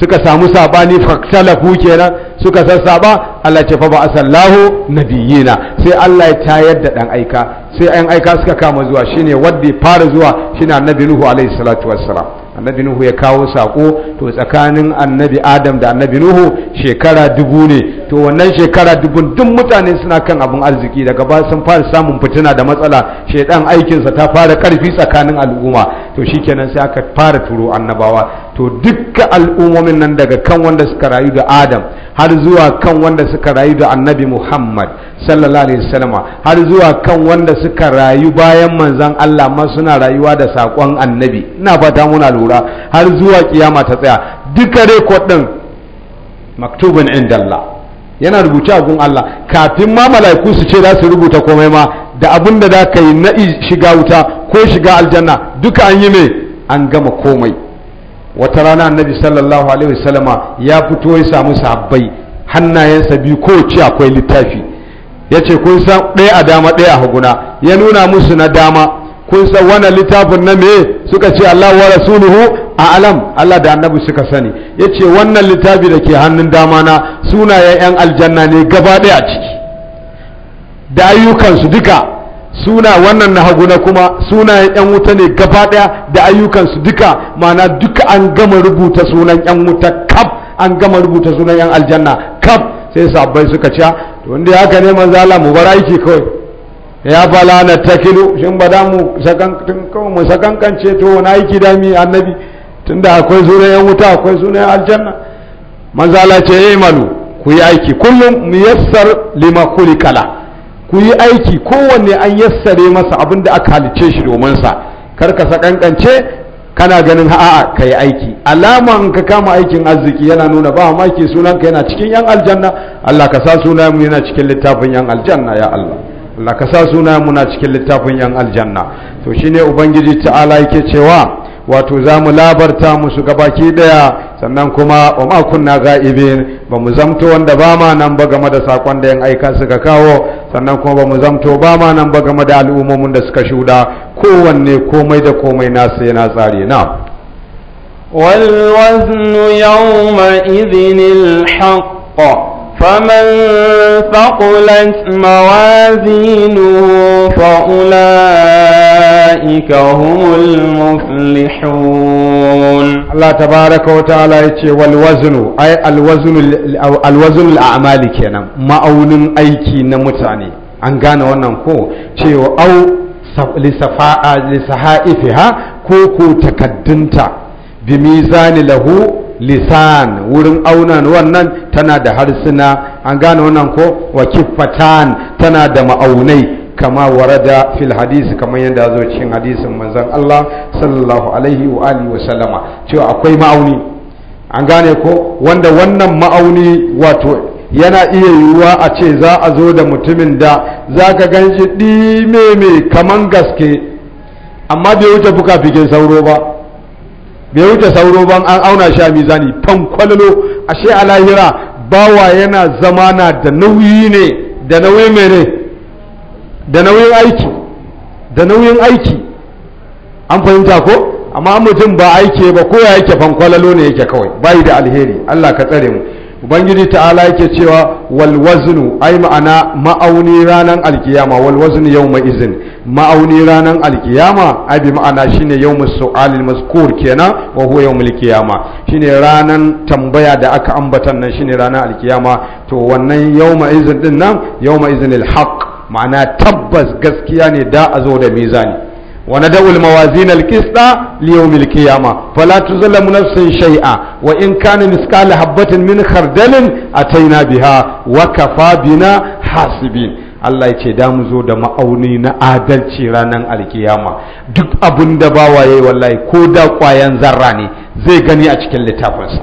suka samu sabani faktalafu kenan suka sassaba Allah ce fa ba asallahu nabiyina sai Allah ya tayar da dan aika sai ayan aika suka kama zuwa shine wanda ya fara zuwa shine annabi nuhu alaihi salatu wassalam annabi nuhu ya kawo sako to tsakanin annabi adam da annabi nuhu shekara dubu ne to wannan shekara dubun duk mutane suna kan abin arziki daga ba sun fara samun fitina da matsala shedan aikinsa ta fara karfi tsakanin al'umma to shikenan sai aka fara turo annabawa to dukkan al'ummomin nan daga kan wanda suka rayu da adam har zuwa kan wanda suka rayu da annabi muhammad sallallahu alaihi wasallama har zuwa kan wanda suka rayu bayan manzan allah ma suna rayuwa da sakon annabi ina fata muna lura har zuwa kiyama ta tsaya duka rekod ɗin maktubin inda allah yana rubuce a gun allah kafin ma mala'iku su ce za su rubuta komai ma da abin da za ka yi na shiga wuta ko shiga aljanna duka an yi mai an gama komai wata rana annabi sallallahu alaihi wasallama ya fito ya samu sahabbai hannayensa biyu ko ce akwai littafi ya kun san ɗaya a dama ɗaya a haguna ya nuna musu na dama kun san wannan littafin na me suka ce Allah wa rasuluhu a alam Allah da annabi suka sani ya ce wannan littafi da ke hannun dama na sunayen 'yan aljanna ne gaba ɗaya a ciki da ayyukansu duka suna wannan na hagu na kuma sunayen 'yan wuta ne gaba ɗaya da ayyukansu duka mana duka an gama rubuta sunan 'yan wuta kaf an gama rubuta sunan 'yan aljanna kaf sai sabbai suka ci ah, to inda haka ne manzo Allah mu bar aiki kawai ya bala na takilu shin ba da mu sakan tun kawai mu sakankance to wani aiki da mi annabi tunda akwai sunan 'yan wuta akwai sunan aljanna manzo Allah ce eh, malu ku yi aiki kullum muyassar lima kala ku yi aiki kowanne an yassare masa abin da aka halicce shi domin sa kar ka sakankance kana ganin a'a ka yi aiki alaman ka kama aikin arziki yana nuna ba maki sunanka yana cikin yan aljanna Allah ka sa sunan yana cikin littafin yan aljanna ya Allah Allah ka sa suna na cikin littafin yan aljanna to shine ubangiji ta'ala yake cewa wato za mu labarta musu gabaki daya sannan kuma wa ma kunna ga'ibin ba mu zamto wanda ba ma nan ba game da sakon da yan aika suka kawo sannan kuma ba mu zamto ba ma nan ba game da al'ummomin da suka shuda kowanne komai da komai nasu yana tsare na والوزن يومئذ الحق فمن ثقلت موازينه فأولئك أولئك ta baraka الله تبارك وتعالى يتي والوزن أي الوزن الوزن الأعمال كنا ما أولن أيكي an gane wannan ko cewa au lisaha'ifiha ko ko takaddunta bi mizani lahu lisan wurin aunan wannan tana da harsuna an gane wannan ko wa tana da ma'aunai kama warada fil hadisi kamar yadda zo cikin hadisin manzon Allah sallallahu alaihi wa alihi wa sallama cewa akwai ma'auni an gane ko wanda wannan ma'auni wato yana iya yiwuwa a ce za a zo da mutumin da za ka gan shi ɗime mai kaman gaske amma bai wuce fuka fikin sauro ba bai wuce sauro ban an auna shi a mizani fankwalo ashe a lahira bawa yana zama na da nauyi ne da nauyi mai ne da nauyin aiki da nauyin aiki an fahimta ko amma mutum ba aiki ba ko ya yake fankwalalo ne yake kawai bai da alheri Allah ka tsare mu ubangiji ta'ala yake cewa wal waznu ai ma'ana ma'auni ranan alkiyama wal waznu yawma izin ma'auni ranan alkiyama ai bi ma'ana shine yawmus su'alil mazkur kenan wa huwa yawmul kiyama shine ranan tambaya da aka ambata nan shine ranan alkiyama to wannan yawma izin din nan yawma izinil haqq ma'ana tabbas gaskiya ne da a zo da mizani wa nadawul mawazin alqista li yawmil qiyamah fala tuzlamu nafsun shay'a wa in kana misqala habatin min khardalin ataina biha wa kafa bina hasibin Allah ya ce da mu zo da ma'auni na adalci ranar alkiyama duk abin da bawa yayi wallahi ko da kwayan zarra ne zai gani a cikin littafinsa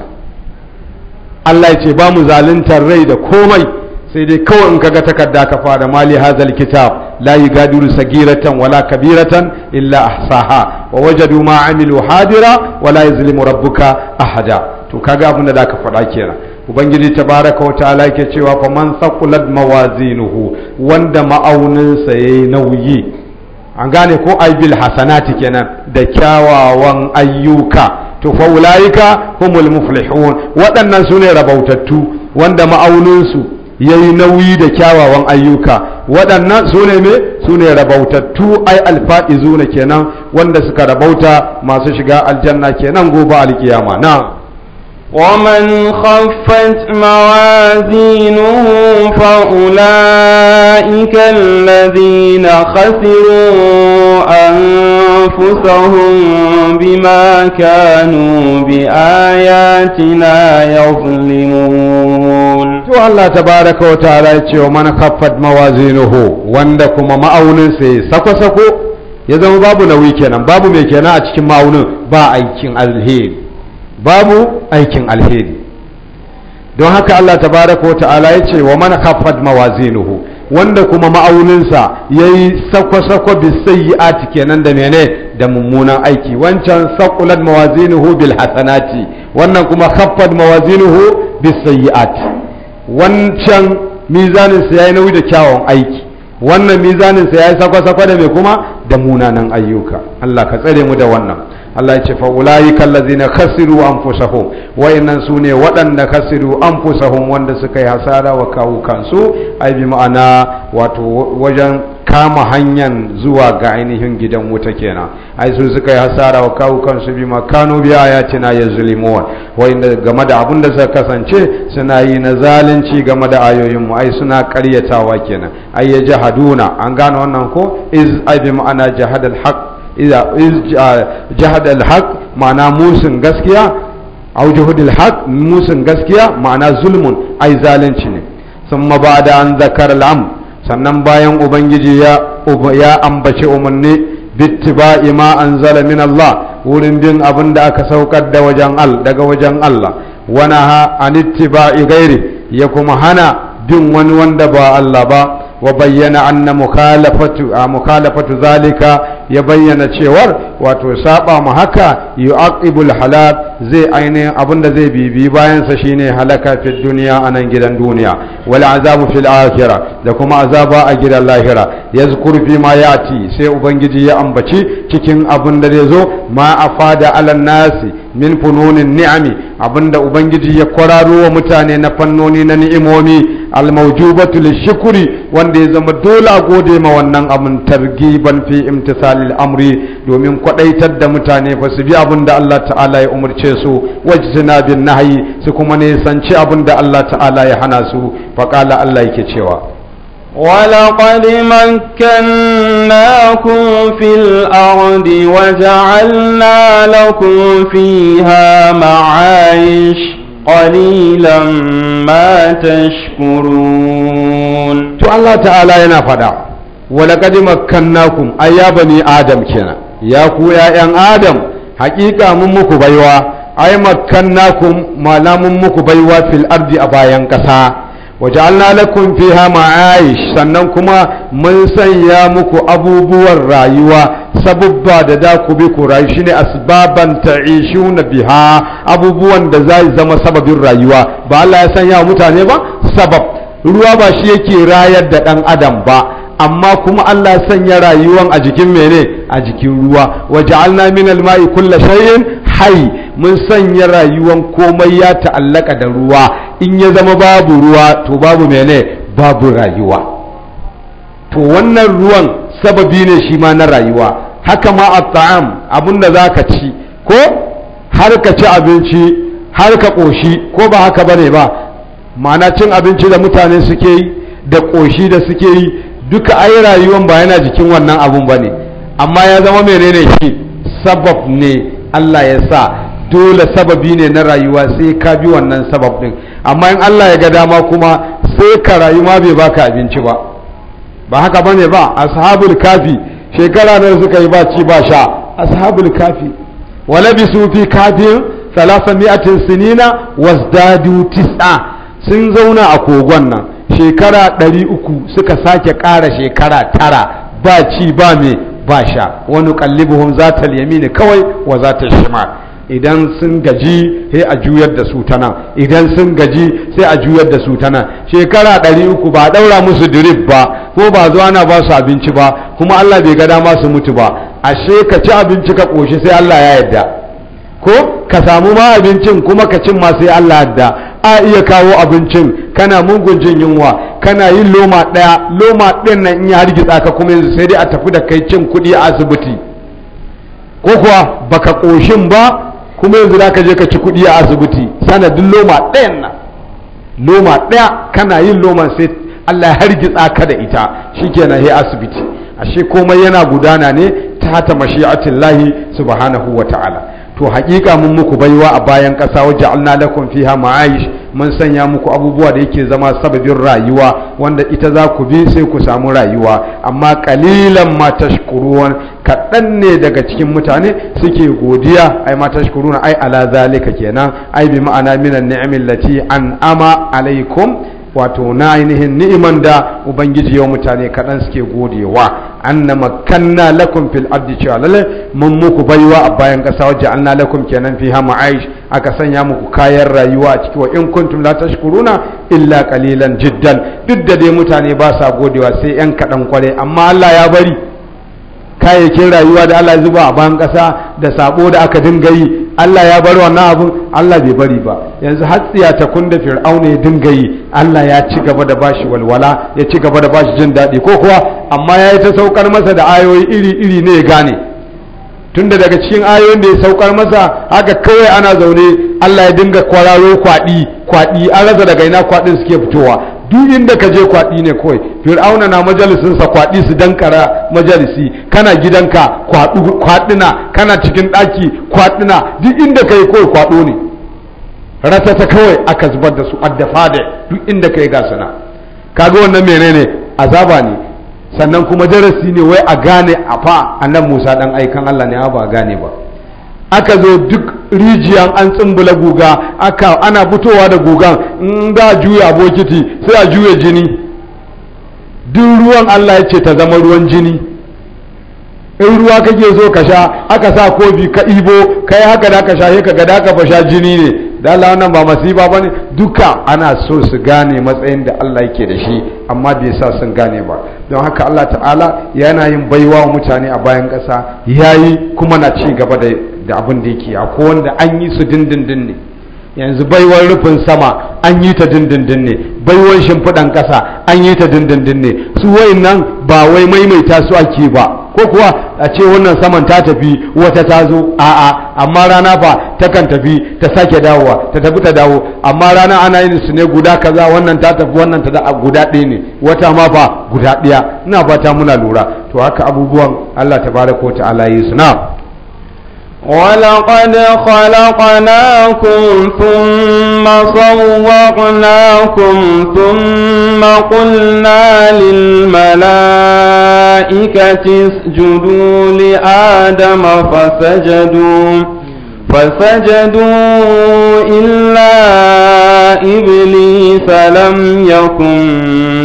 Allah ya ce ba mu zaluntar rai da komai sai dai kawai in kaga takarda ka fara mali hazal kitab la yugadiru sagiratan wala kabiratan illa ahsaha wa wajadu ma amilu hadira wala yuzlimu rabbuka ahada to kaga abin da zaka faɗa kenan ubangiji tabaraka wa ta'ala yake cewa fa man thaqulat mawazinuhu wanda ma'aunin sa yayi nauyi an gane ko ai bil hasanati kenan da kyawawan ayyuka to fa ulaika humul muflihun waɗannan sune rabautattu wanda ma'auninsu ya yi nauyi da kyawawan ayyuka waɗannan su ne me su ne rabautattu ai alfa'izu na kenan wanda suka rabauta masu shiga aljanna kenan gobe alkiyama na ومن خفت موازينه فأولئك الذين خسروا أنفسهم بما كانوا بآياتنا يظلمون to Allah tabaraka wa ta'ala ya ce wa man khaffat mawazinuhu wanda kuma ma'aunin sa sako sako ya zama babu nauyi kenan babu mai kenan a cikin ma'aunin ba aikin alheri babu aikin alheri don haka Allah tabaraka wa ta'ala ya ce wa man khaffat mawazinuhu wanda kuma ma'auninsa yayi yi sako bi sayyi'ati kenan da mene da mummunan aiki wancan sakulat mawazinuhu bil hasanati wannan kuma khaffat mawazinuhu sayyi'ati wancan mizaninsa ya yi nauyi da kyawun aiki wannan mizaninsa ya yi sakwa-sakwa da mai kuma da munanan ayyuka Allah ka tsare mu da wannan Allah ya ce fa'ulayi kallazi na kasiru an fusahun wa'innan su ne waɗanda kasiru an wanda suka yi hasara wa kawo kansu ai bi ma'ana wato wajen kama hanyan zuwa ga ainihin gidan wuta kenan ai su suka yi hasara wa kawo kansu bi makano bi ayatina ya zulimuwa wanda game da abin da suka kasance suna yi na zalunci game da ayoyinmu ai suna karyatawa kenan ai ya jahaduna an gane wannan ko iz bi ma'ana jahadal haq iza iz haq ma'ana musun gaskiya au juhudul haq musun gaskiya ma'ana zulmun ai zalunci ne ثم بعد أن ذكر الأمر sannan bayan ubangiji ya ambaci umarni bittiba'i ma anzala min Allah wurin bin abin da aka saukar da wajen al daga wajen Allah wana ha anittiba'i gairi ya kuma hana bin wani wanda ba Allah ba Wa bayyana أن مخالفة zalika ya bayyana cewar wato saba mu haka yu'aqibul halal zai ainihin abin da zai bibi bayan sa shine halaka fi duniya anan gidan duniya wal azabu fil akhirah da kuma azaba a gidan lahira yazkur fi ma yati sai ubangiji ya ambaci cikin abin da zai zo ma afada alan nasi min fununin ni'ami abinda ubangiji ya kwararo wa mutane na fannoni na ni'imomi almaujubatu lishukuri wanda ya zama dole a gode ma wannan abin targiban fi imtisalil amri domin kwadaitar da mutane fa su bi abin da Allah ta'ala ya umarce su wajtina bin nahyi su kuma ne sanci abin da Allah ta'ala ya hana su faqala Allah yake cewa ولقد مكناكم في الأرض وجعلنا لكم فيها معايش قليلا ما تشكرون تو الله تعالى ينفدا ولقد مكناكم أيا بني آدم كنا يا كو يا أن آدم حقيقة من مكو بيوا أي مكناكم ما لم مكو بيوا في الأرض أبايا كسا waja'alna lakum fiha ma'aish sannan kuma mun sanya muku abubuwan rayuwa sabubba da da ku bi ku rayu shine asbaban ta'ishuna biha abubuwan da za zama sababin rayuwa ba Allah ya sanya mutane ba sabab ruwa ba shi yake rayar da dan adam ba amma kuma Allah ya sanya rayuwan a jikin mene a jikin ruwa waja'alna minal ma'i kulli shay'in hayy mun sanya rayuwan komai ya ta'allaka da ruwa in ya zama babu ruwa to babu mene babu rayuwa to wannan ruwan sababi ne shi ma na rayuwa haka ma a ta'am abinda za ka ci ko har ka ci abinci har ka ƙoshi ko ba haka ba ne ba ma'ana cin abinci da mutane suke yi da ƙoshi da suke yi duka ai rayuwan ba yana jikin wannan abun ba ne amma ya zama menene shi sabab ne Allah ya sa dole sababi ne na rayuwa sai ka bi wannan sabab amma in Allah ya ga dama kuma sai ka rayu ma bai baka abinci ba ba haka bane ba ashabul kafi shekara nan suka yi baci ba sha ashabul kafi walabisu fi kafin salasami'atin sinina wasdadu tis'a sun zauna a kogon nan shekara ɗari uku suka sake ƙara shekara tara ba ci ba me ba sha wani kallibuhum zata yamini kawai wa zata shimal idan sun gaji sai a juyar da su tana idan sun gaji sai a juyar da su tana shekara ɗari uku ba ɗaura musu dirif ba ko ba zuwa na ba su abinci ba kuma Allah bai ga dama su mutu ba ashe ka ci abinci ka ƙoshi sai Allah ya yadda ko ka samu ma abincin kuma ka cin ma sai Allah yadda a iya kawo abincin kana mugun jin yunwa kana yin loma ɗaya loma ɗin nan in ya hargitsa ka kuma yanzu sai dai a tafi da kai cin kuɗi a asibiti ko kuwa baka ƙoshin ba kuma yanzu za ka je ka ci kuɗi a asibiti sanadin loma ɗayan nan loma ɗaya kana yin loman sai Allah ya hargitsa ka da ita shikenan he asibiti ashe komai yana gudana ne ta hata mashi'atin subhanahu wa ta'ala to haƙiƙa mun muku baiwa a bayan ƙasa waje ja'alna lakum fiha ma'aish mun sanya muku abubuwa da yake zama sababin rayuwa wanda ita za ku bi sai ku samu rayuwa amma kalilan ma tashkurun kaɗan ne daga cikin mutane suke godiya ai ma tashkuruna ai ala zalika kenan ai bi ma'ana minan ni'min lati an'ama alaikum wato na ainihin ni'iman da ubangiji yau mutane kaɗan suke godewa anna makanna lakum fil ardi cewa lalle mun muku baiwa a bayan ƙasa wajen anna lakum kenan fi hama aish aka sanya muku kayan rayuwa a ciki wa in kuntum la tashkuruna illa qalilan jiddan duk da dai mutane ba sa godewa sai yan kaɗan kware amma Allah ya bari kayayyakin rayuwa da Allah ya zuba a bayan ƙasa da sabo da aka dinga yi Allah ya bar wannan abun Allah bai bari ba yanzu hatsiya ta kunda fir'auna ya dinga yi Allah ya ci gaba da bashi walwala ya ci gaba da bashi jin daɗi ko kuwa amma ya yi ta saukar masa da ayoyi iri iri ne ya gane tunda daga cikin ayoyin da ya saukar masa haka kawai ana zaune Allah ya dinga kwararo kwaɗi kwaɗi an rasa daga ina kwaɗin suke fitowa duk inda ka je kwaɗi ne kawai fir'auna na majalisinsa kwaɗi su dankara majalisi kana gidanka kwaɗina kana cikin ɗaki kwaɗina duk inda ka yi kawai kwaɗo ne ratata kawai aka zubar da su addafa da duk inda ka yi gasana kaga wannan ne azaba ne sannan kuma darasi ne wai a gane a fa annan musa dan aikan allah ne ba a gane ba aka zo duk rijiyan an tsumbula guga aka ana fitowa da gugan in ga juya bokiti sai a juya jini duk ruwan Allah ya ce ta zama ruwan jini in ruwa kake so ka sha aka sa kofi ka ibo kai haka da ka sha ka ga da ka sha jini ne da Allah wannan ba masifa ba ne duka ana so su gane matsayin da Allah yake da shi amma bai sa sun gane ba don haka Allah ta'ala yana yin baiwa mutane a bayan ƙasa yayi kuma na ci gaba da da abin da yake ko wanda an yi su dindindin ne yanzu baiwar rufin sama an yi ta dindindin ne baiwar shimfiɗan ƙasa an yi ta dindindin ne su wai nan ba wai maimaita su ake ba ko kuwa a ce wannan saman ta tafi wata ta zo a'a amma rana fa takan tafi ta sake dawowa ta tafi ta dawo amma rana ana yin su ne guda kaza wannan ta tafi wannan ta da guda ɗaya ne wata ma fa guda ɗaya ina fata muna lura to haka abubuwan Allah tabaraka wa ta'ala yi su ولقد خلقناكم ثم صورناكم ثم قلنا للملائكة اسجدوا لآدم فسجدوا فسجدوا إلا إبليس لم يكن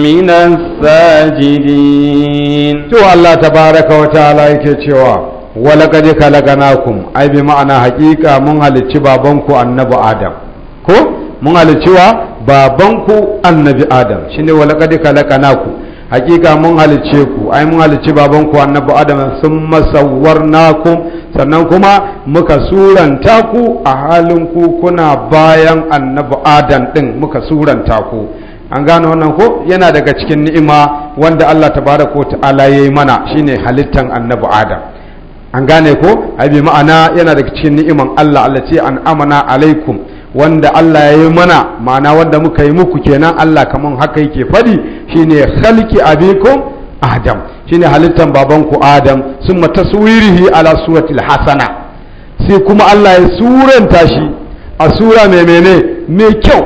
من الساجدين تو الله تبارك وتعالى يكتشوا walaqad khalaqnakum ai bi ma'ana haqiqa mun halicci babanku annabi adam ko mun halicci wa babanku annabi adam shine walaqad khalaqnaku haqiqa mun halicce ku ai mun halicci babanku annabi adam sun sawwarnakum sannan kuma muka suranta ku a halin ku kuna bayan annabi adam din muka suranta ku an gane wannan ko yana daga cikin ni'ima wanda Allah tabaraka wa ta'ala yayi mana shine halittan annabi adam an gane ko abi ma'ana yana daga cikin ni'iman Allah Allah ce an amana alaikum wanda Allah ya yi mana ma'ana wanda muka yi muku kenan Allah kaman haka yake faɗi shine khalqi abikum adam shine halittan babanku adam summa taswirihi ala suratil hasana sai kuma Allah ya suranta shi a sura mai mene mai kyau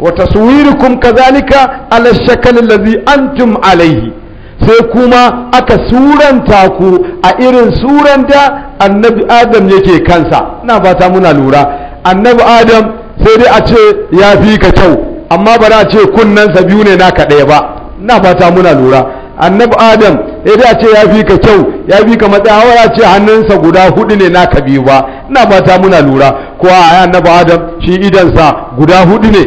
wa taswirukum kazalika ala shakalil ladzi antum alaihi sai kuma aka suranta ku a irin suran da annabi adam yake kansa na fata muna lura annabi adam sai dai a ce ya fi ka kyau amma ba za a ce kunnensa biyu ne naka ɗaya ba na fata muna lura annabi adam sai dai a ce ya fi ka kyau ya fi ka matsaya wa ya ce hannunsa guda hudu ne naka biyu ba na fata muna lura ko a annabi adam shi idansa guda hudu ne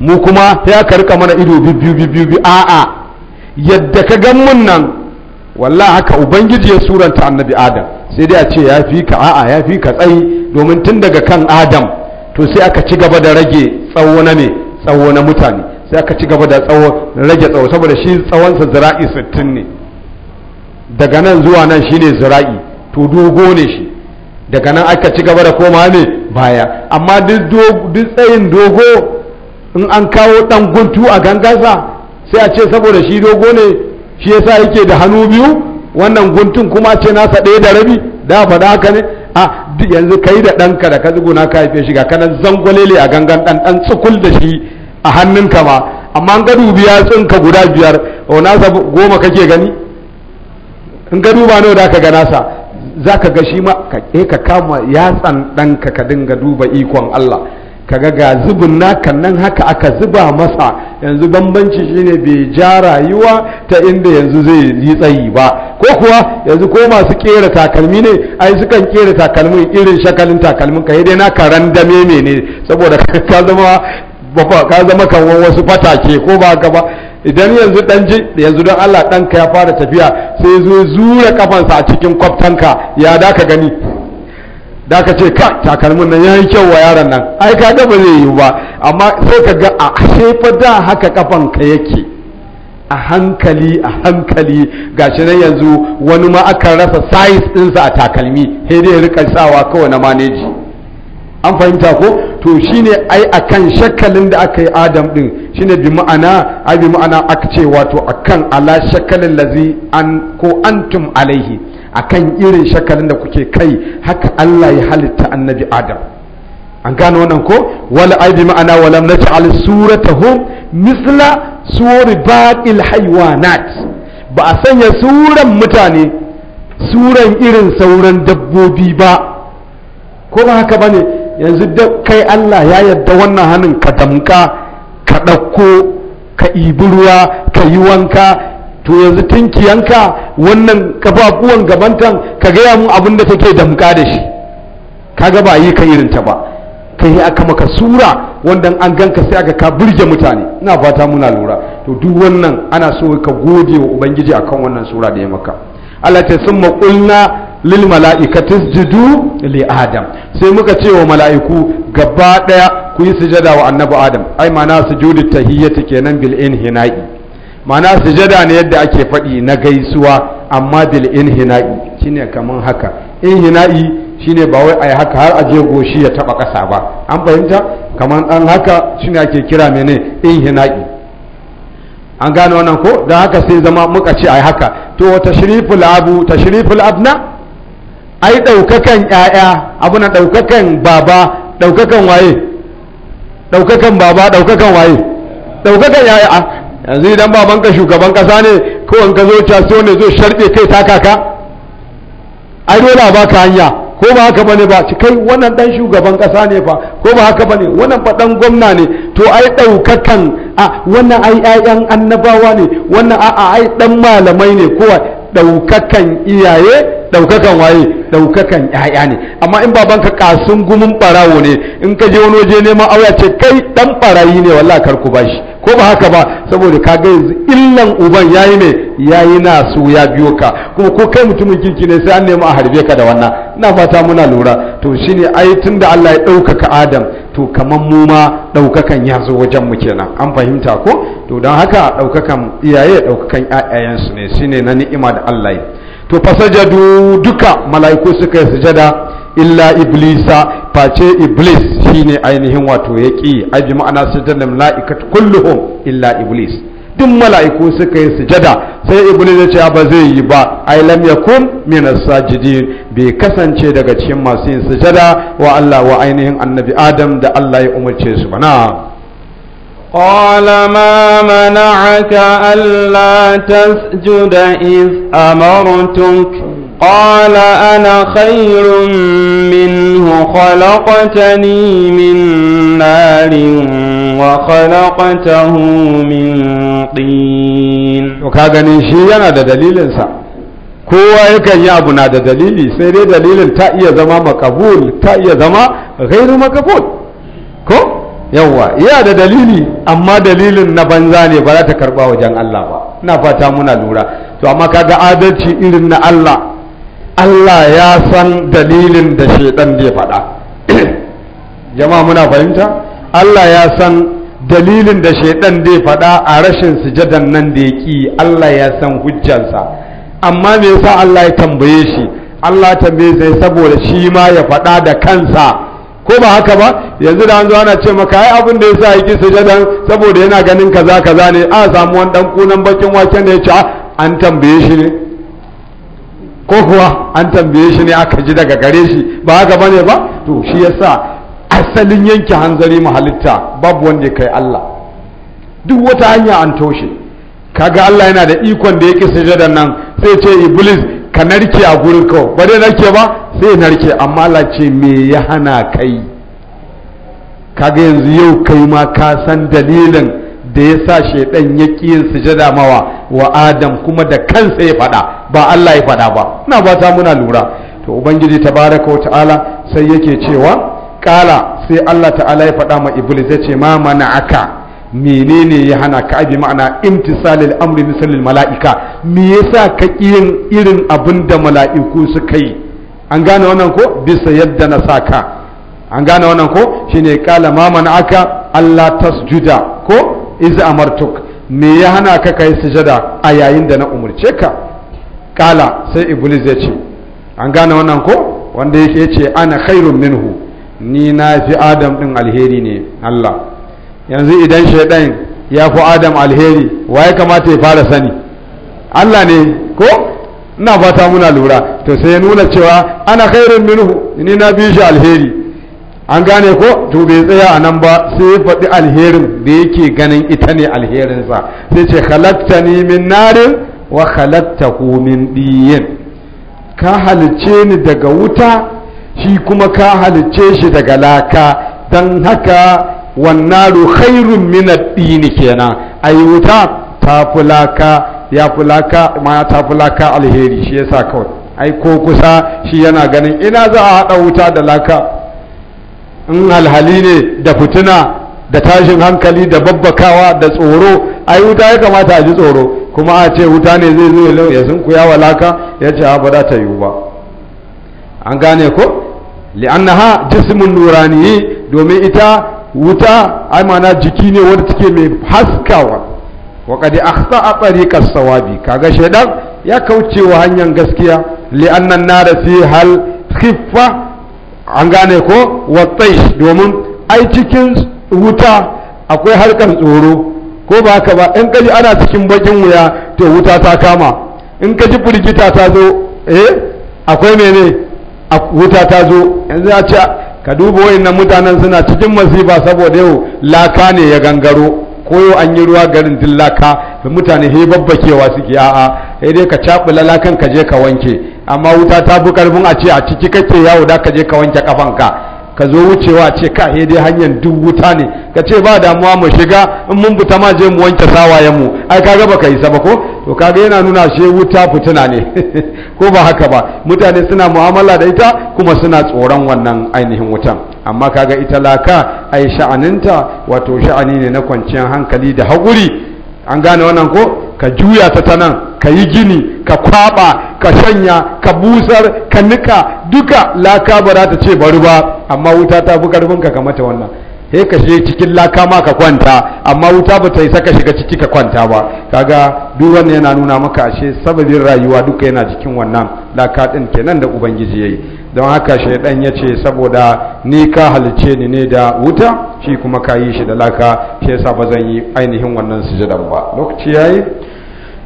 mu kuma ya karka mana ido biyu biyu biyu a'a yadda ka gan mun nan wallahi haka ubangiji ya suranta annabi adam sai dai a ce ya fi ka a'a ya fi ka tsayi domin tun daga kan adam to sai aka ci gaba da rage tsawo na me tsawo na mutane sai aka ci gaba da tsawo rage tsawo saboda shi tsawonsa zira'i 60 ne daga nan zuwa nan shine zira'i to dogo ne shi daga nan aka ci gaba da koma ne baya amma duk tsayin dogo in an kawo dan guntu a gangaza sai a ce saboda shi dogo ne shi yasa yake da hannu biyu wannan guntun kuma ce nasa ɗaya da rabi da faɗa haka ne a yanzu kai da ɗanka da ka na ka haife shi ga kanan zangwalele a gangan ɗan ɗan tsukul da shi a hannunka ma amma an gadu biya tsinka guda biyar o nasa goma kake gani in gadu duba nawa da ka ga nasa za ka ga shi ma ka eh, kama yatsan ɗanka ka dinga duba ikon Allah kaga ga zubin naka nan haka aka zuba masa yanzu bambanci shine bai ja rayuwa ta inda yanzu zai yi tsayi ba ko kuwa yanzu ko masu kera takalmi ne ai sukan kera takalmin irin shakalin takalmin ka dai naka randame me ne saboda [LAUGHS] ka zama ka zama kan wasu fatake ko ba ka ba idan yanzu dan ji yanzu don Allah ɗanka ya fara tafiya sai zo zura kafansa a cikin kwaftanka ya da ka gani da ka ce ka takalmin nan ya yi kyau wa yaron nan ai ka ga ba zai yi ba amma sai ka ga a fa da haka kafan ka yake a hankali a hankali gashi nan yanzu wani ma aka rasa size ɗinsa a takalmi sai dai rika sawa kawai na maneji an fahimta ko to shine ai akan shakalin da aka yi adam din shine bi ma'ana ai bi ma'ana aka ce wato akan ala shakalin lazi an ko antum alaihi akan irin shakalin da kuke kai haka Allah ya halitta annabi Adam an gane wannan ko wala aibi ma'ana wala naj'al suratahum misla suwar baqil haywanat ba a sanya suran mutane suran irin sauran dabbobi ba ko ba haka bane yanzu da kai Allah ya yarda wannan hannun ka damka ka ɗauko ka ibi ruwa ka yi wanka to yanzu tun kiyanka wannan kafafuwan gabantan ka gaya mun abin da take damka da shi kaga ba yi ka irin ta ba kai yi aka maka sura wanda an ganka sai aka ka burge mutane ina fata muna lura to duk wannan ana so ka gode wa ubangiji akan wannan sura da ya maka Allah ta sun maƙulna lil mala'ikatis jidu li adam sai muka ce wa mala'iku gaba ɗaya ku yi sujada wa annabi adam ai ma'ana sujudi tahiyyati kenan bil inhina'i mana sujada ne yadda ake faɗi na gaisuwa amma bil inhina'i shine kaman haka inhina'i shine ba wai ai haka har aje goshi ya taba ƙasa ba an fahimta kaman dan haka shine ake kira mene inhina'i an gane wannan ko dan haka sai zama muka ce ai haka to tashriful abu tashriful abna ai daukakan yaya abu na daukakan baba daukakan waye daukakan baba daukakan waye daukakan yaya yanzu idan babanka shugaban kasa ne kawai ka zo caso ne zo sharɗe kai ta kaka ai dole a baka hanya ko ba haka bane ba kai wannan dan shugaban kasa ne fa ko ba haka bane wannan fa dan gwamna ne to ai daukakan a wannan ai ayyan annabawa ne wannan a'a ai dan malamai ne kowa daukakan iyaye daukakan waye daukakan ƴaƴa ne amma in babanka kasun gumin barawo ne in ka je wani waje neman auya ce kai dan barayi ne wallahi kar ku bashi ko ba haka ba saboda ka ga yanzu illan uban yayi ne yayi na su ya biyo ka kuma ko kai mutumin kirki ne sai an nemi a harbe ka da wannan ina fata muna lura to shine ai tunda Allah ya daukaka Adam to kaman mu ma daukakan ya zo wajen mu kenan an fahimta ko to don haka daukakan iyaye daukakan ƴaƴayensu ne shine na ni'ima da Allah ya to fasajadu duka mala'iku suka yi sujada illa iblisa face iblis shine ainihin wato yaki ƙi ai bi ma'ana sujada mala'ikat kulluhum illa iblis duk mala'iku suka yi sujada sai iblis ya ce ba zai yi ba ai lam yakun min sajidin bai kasance daga cikin masu yin sujada wa Allah wa ainihin annabi Adam da Allah ya umarce su bana قال ما منعك ألا تسجد إذ أمرتك قال أنا خير منه خلقتني من نار وخلقته من طين وكاغني شي yana da dalilinsa kowa yakan yi abu na da dalili sai dai dalilin ta iya zama ta iya zama yawa iya da dalili amma dalilin na banza ne ba za ta karba wajen Allah ba ina fata muna lura to amma kaga adalci irin na Allah Allah ya san dalilin da shedan zai faɗa [CLEARS THROAT] jama'a muna fahimta Allah ya san dalilin da shedan zai faɗa a rashin sujadan nan da ya ki Allah ya san hujjansa amma me yasa Allah ya tambaye shi Allah tambaye sai saboda shi ma ya faɗa da kansa ko ba haka ba yanzu da an zo ana ce maka ai abin da yasa yake sujadan saboda yana ganin kaza kaza ne a samu wani dan kunan bakin waken da ya an tambaye shi ne ko kuwa an tambaye shi ne aka ji daga gare shi ba haka bane ba to shi yasa asalin yanke hanzari mahalitta babu wanda kai Allah duk wata hanya an toshe kaga Allah yana da ikon da yake sujadan nan sai ce iblis ka narke a gurin kawai ba dai narke ba sai narke amma Allah ce me ya hana kai kaga yanzu yau kai ma ka san dalilin da ya sa shaidan ya ƙi yin sujada mawa wa adam kuma da kansa ya faɗa ba Allah ya faɗa ba ina ba ta muna lura to ubangiji tabaraka wa ta'ala sai yake cewa kala sai Allah ta'ala ya faɗa ma iblis ya ce ma mana aka. menene ya hana ka abi ma'ana imtisalil amri misalil mala'ika me yasa ka yin irin abin da mala'iku suka yi an gane wannan ko bisa yadda na saka an gane wannan ko shine kala ma aka Allah tasjuda ko iz amartuk me ya hana ka kai sujada a yayin da na umurce ka kala sai iblis ya ce an gane wannan ko wanda yake ce ana khairun minhu ni na fi adam din alheri ne Allah yanzu idan shaidan ya fi adam alheri wa ya kamata ya fara sani Allah ne ko ina fata muna lura to sai ya nuna cewa ana khairun minhu ni na bi shi alheri an gane ko to bai tsaya a nan ba sai ya faɗi alherin da yake ganin ita ne alherinsa sai ce ni min narin wa ku min diyin ka halice ni daga wuta shi kuma ka halice shi daga laka don haka wannaru khairun ad dini kenan ai wuta ta fulaka ya fulaka ma ta fulaka alheri shi yasa kawai ai ko kusa shi yana ganin ina za a hada wuta da laka in alhali ne da fitina da tashin hankali da babbakawa da tsoro ai wuta ya kamata a ji tsoro kuma a ce wuta ne zai zo ya sun wa walaka ya ce ba za ta yiwu ba an gane ko li'annaha jismun nurani domin ita wuta ai mana jiki ne wanda take mai haskawa wa a tsari tariqa sawabi kaga shaidan ya kauce wa hanyar gaskiya li annan da fi hal khiffa an gane ko wa taish domin ai cikin wuta akwai harkar tsoro ko ba haka ba in kaji ana cikin bakin wuya to wuta ta kama in kaji firgita ta zo eh akwai mene wuta ta zo yanzu ya ce ka duba wayannan mutanen suna cikin masifa saboda yau laka ne ya gangaro ko yau an yi ruwa garin din laka da mutane he babbakewa suke a'a sai dai ka caɓi lakan ka je ka wanke amma wuta ta fi karfin a ce a ciki kake yawo da ka je ka wanke kafanka ka zo wucewa a ce ka he dai hanyar duk wuta ne ka ce ba damuwa mu shiga in mun buta ma je mu wanke sawayen mu ai kaga baka isa ba ko to kaga yana nuna shi wuta fitina ne [LAUGHS] ko ba haka ba mutane suna mu'amala da ita kuma suna tsoron wannan ainihin wutan amma kaga ita laka ai sha'aninta wato sha'ani ne na kwanciyar hankali da haƙuri an gane wannan ko ka juya ta tanan ka yi gini ka kwaba ka shanya ka busar ka nika duka laka ba za ta ce bari ba amma wuta ta fi karfin ka kamata wannan sai ka shi cikin laka ma ka kwanta amma wuta ba ta yi ka shiga ciki ka kwanta ba kaga duk wannan yana nuna maka ashe sababin rayuwa duka yana jikin wannan laka din kenan da ubangiji yayi don haka shaidan ya ce saboda ni ka halice ni ne da wuta shi kuma ka yi shi da laka shi yasa ba zan yi ainihin wannan sujudan ba lokaci yayi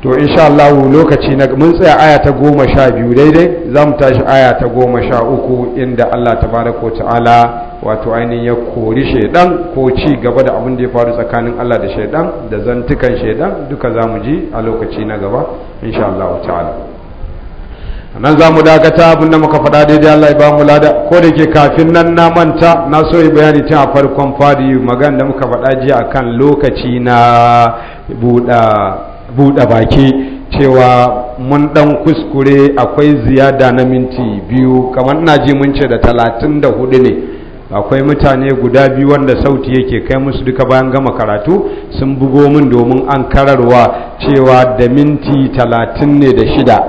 to insha Allah lokaci na mun tsaya aya ta goma sha biyu daidai za mu tashi aya ta goma sha uku inda Allah ta baraka ta'ala wato ainihin ya kori shaidan ko ci gaba da abin da ya faru tsakanin Allah da shaidan da zantukan shaidan duka za mu ji a lokaci na gaba insha Allah ta'ala nan za mu dakata da muka faɗa daidai Allah ya ba mu lada ko da ke kafin nan na manta na so yi bayani tun a farkon fadi magana da muka faɗa jiya akan lokaci na buɗa buɗe baki cewa mun ɗan kuskure akwai ziyada na minti biyu kamar ina ji mun ce da talatin da hudu ne akwai mutane guda biyu wanda sauti yake kai musu duka bayan gama karatu sun bugo min domin an kararwa cewa da minti talatin ne da shida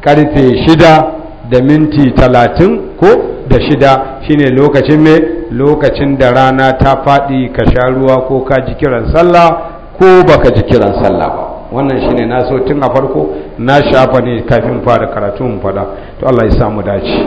karfe shida da minti talatin ko da shida shine lokacin mai lokacin da rana ta faɗi ka sha ruwa ko ka ji kiran sallah ko baka ji kiran sallah ba wannan shine na so tun a farko na shafa ne kafin fara karatu mu fada to Allah ya samu dace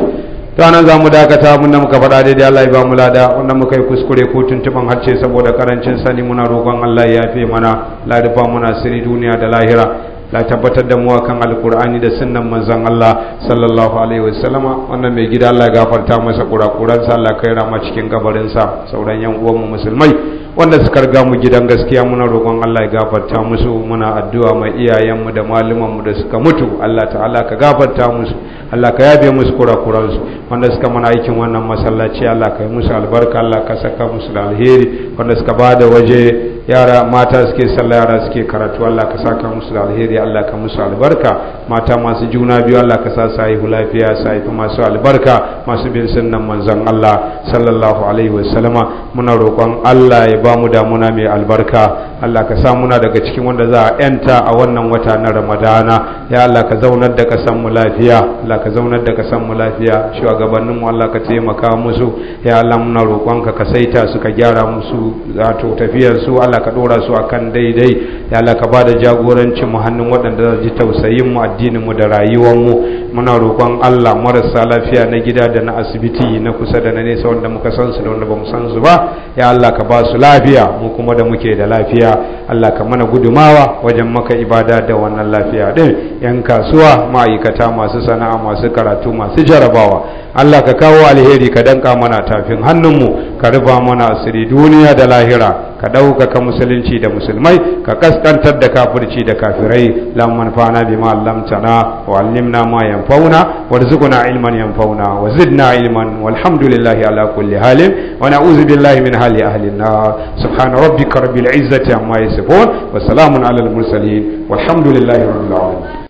to anan zamu dakata mun da muka fada dai Allah ya ba mu lada wannan muka yi kuskure ko tuntuban harce saboda karancin sani muna roƙon Allah ya yafe mana la rufa muna sirri duniya da lahira la tabbatar da muwa kan alkur'ani da sunnan manzon Allah sallallahu alaihi wasallama wannan mai gida Allah ya gafarta masa kurakuran sa Allah kai rama cikin kabarin sa sauran yan uwan mu musulmai wanda suka riga mu gidan gaskiya muna roƙon Allah ya gafarta musu muna addu'a mai iyayen mu da malaman mu da suka mutu Allah ta'ala ka gafarta musu Allah ka yabe musu kurakuran su wanda suka mana aikin wannan masallaci Allah ka yi musu albarka Allah ka saka musu da alheri wanda suka bada waje yara mata suke sallah yara suke karatu Allah ka saka musu alheri Allah ka musu albarka mata masu juna biyu Allah ka sa su haihu lafiya su haifi masu albarka masu bin sunnan manzon Allah sallallahu alaihi wa sallama muna roƙon Allah ya ba mu damuna mai albarka Allah ka sa muna daga cikin wanda za a yanta a wannan wata na Ramadana ya Allah ka zaunar da kasan mu lafiya Allah ka zaunar da kasan mu lafiya shugabannin mu Allah ka taimaka musu ya Allah muna roƙon ka ka saita su ka gyara musu zato tafiyar su Allah Allah ka dora su akan daidai ya Allah ka bada jagoranci mu hannun waɗanda za ji tausayin mu addinin mu da rayuwar mu muna roƙon Allah marasa lafiya na gida da na asibiti na kusa da na nesa wanda muka san su da wanda bamu san su ba ya Allah ka ba su lafiya mu kuma da muke da lafiya Allah ka mana gudumawa wajen maka ibada da wannan lafiya din yan kasuwa ma'aikata masu sana'a masu karatu masu jarabawa Allah ka kawo alheri ka danka mana tafin hannunmu ka rufa mana asiri duniya da lahira ka ɗaukaka musulunci da musulmai ka kaskantar da kafirci da kafirai lam manfa'na bima allamtana wa allimna ma yanfa'una warzuqna ilman yanfa'una wa zidna ilman walhamdulillahi ala kulli halin wa na'udzu billahi min hali ahli an-nar subhana rabbika rabbil izzati amma yasifun wa salamun alal mursalin walhamdulillahi rabbil alamin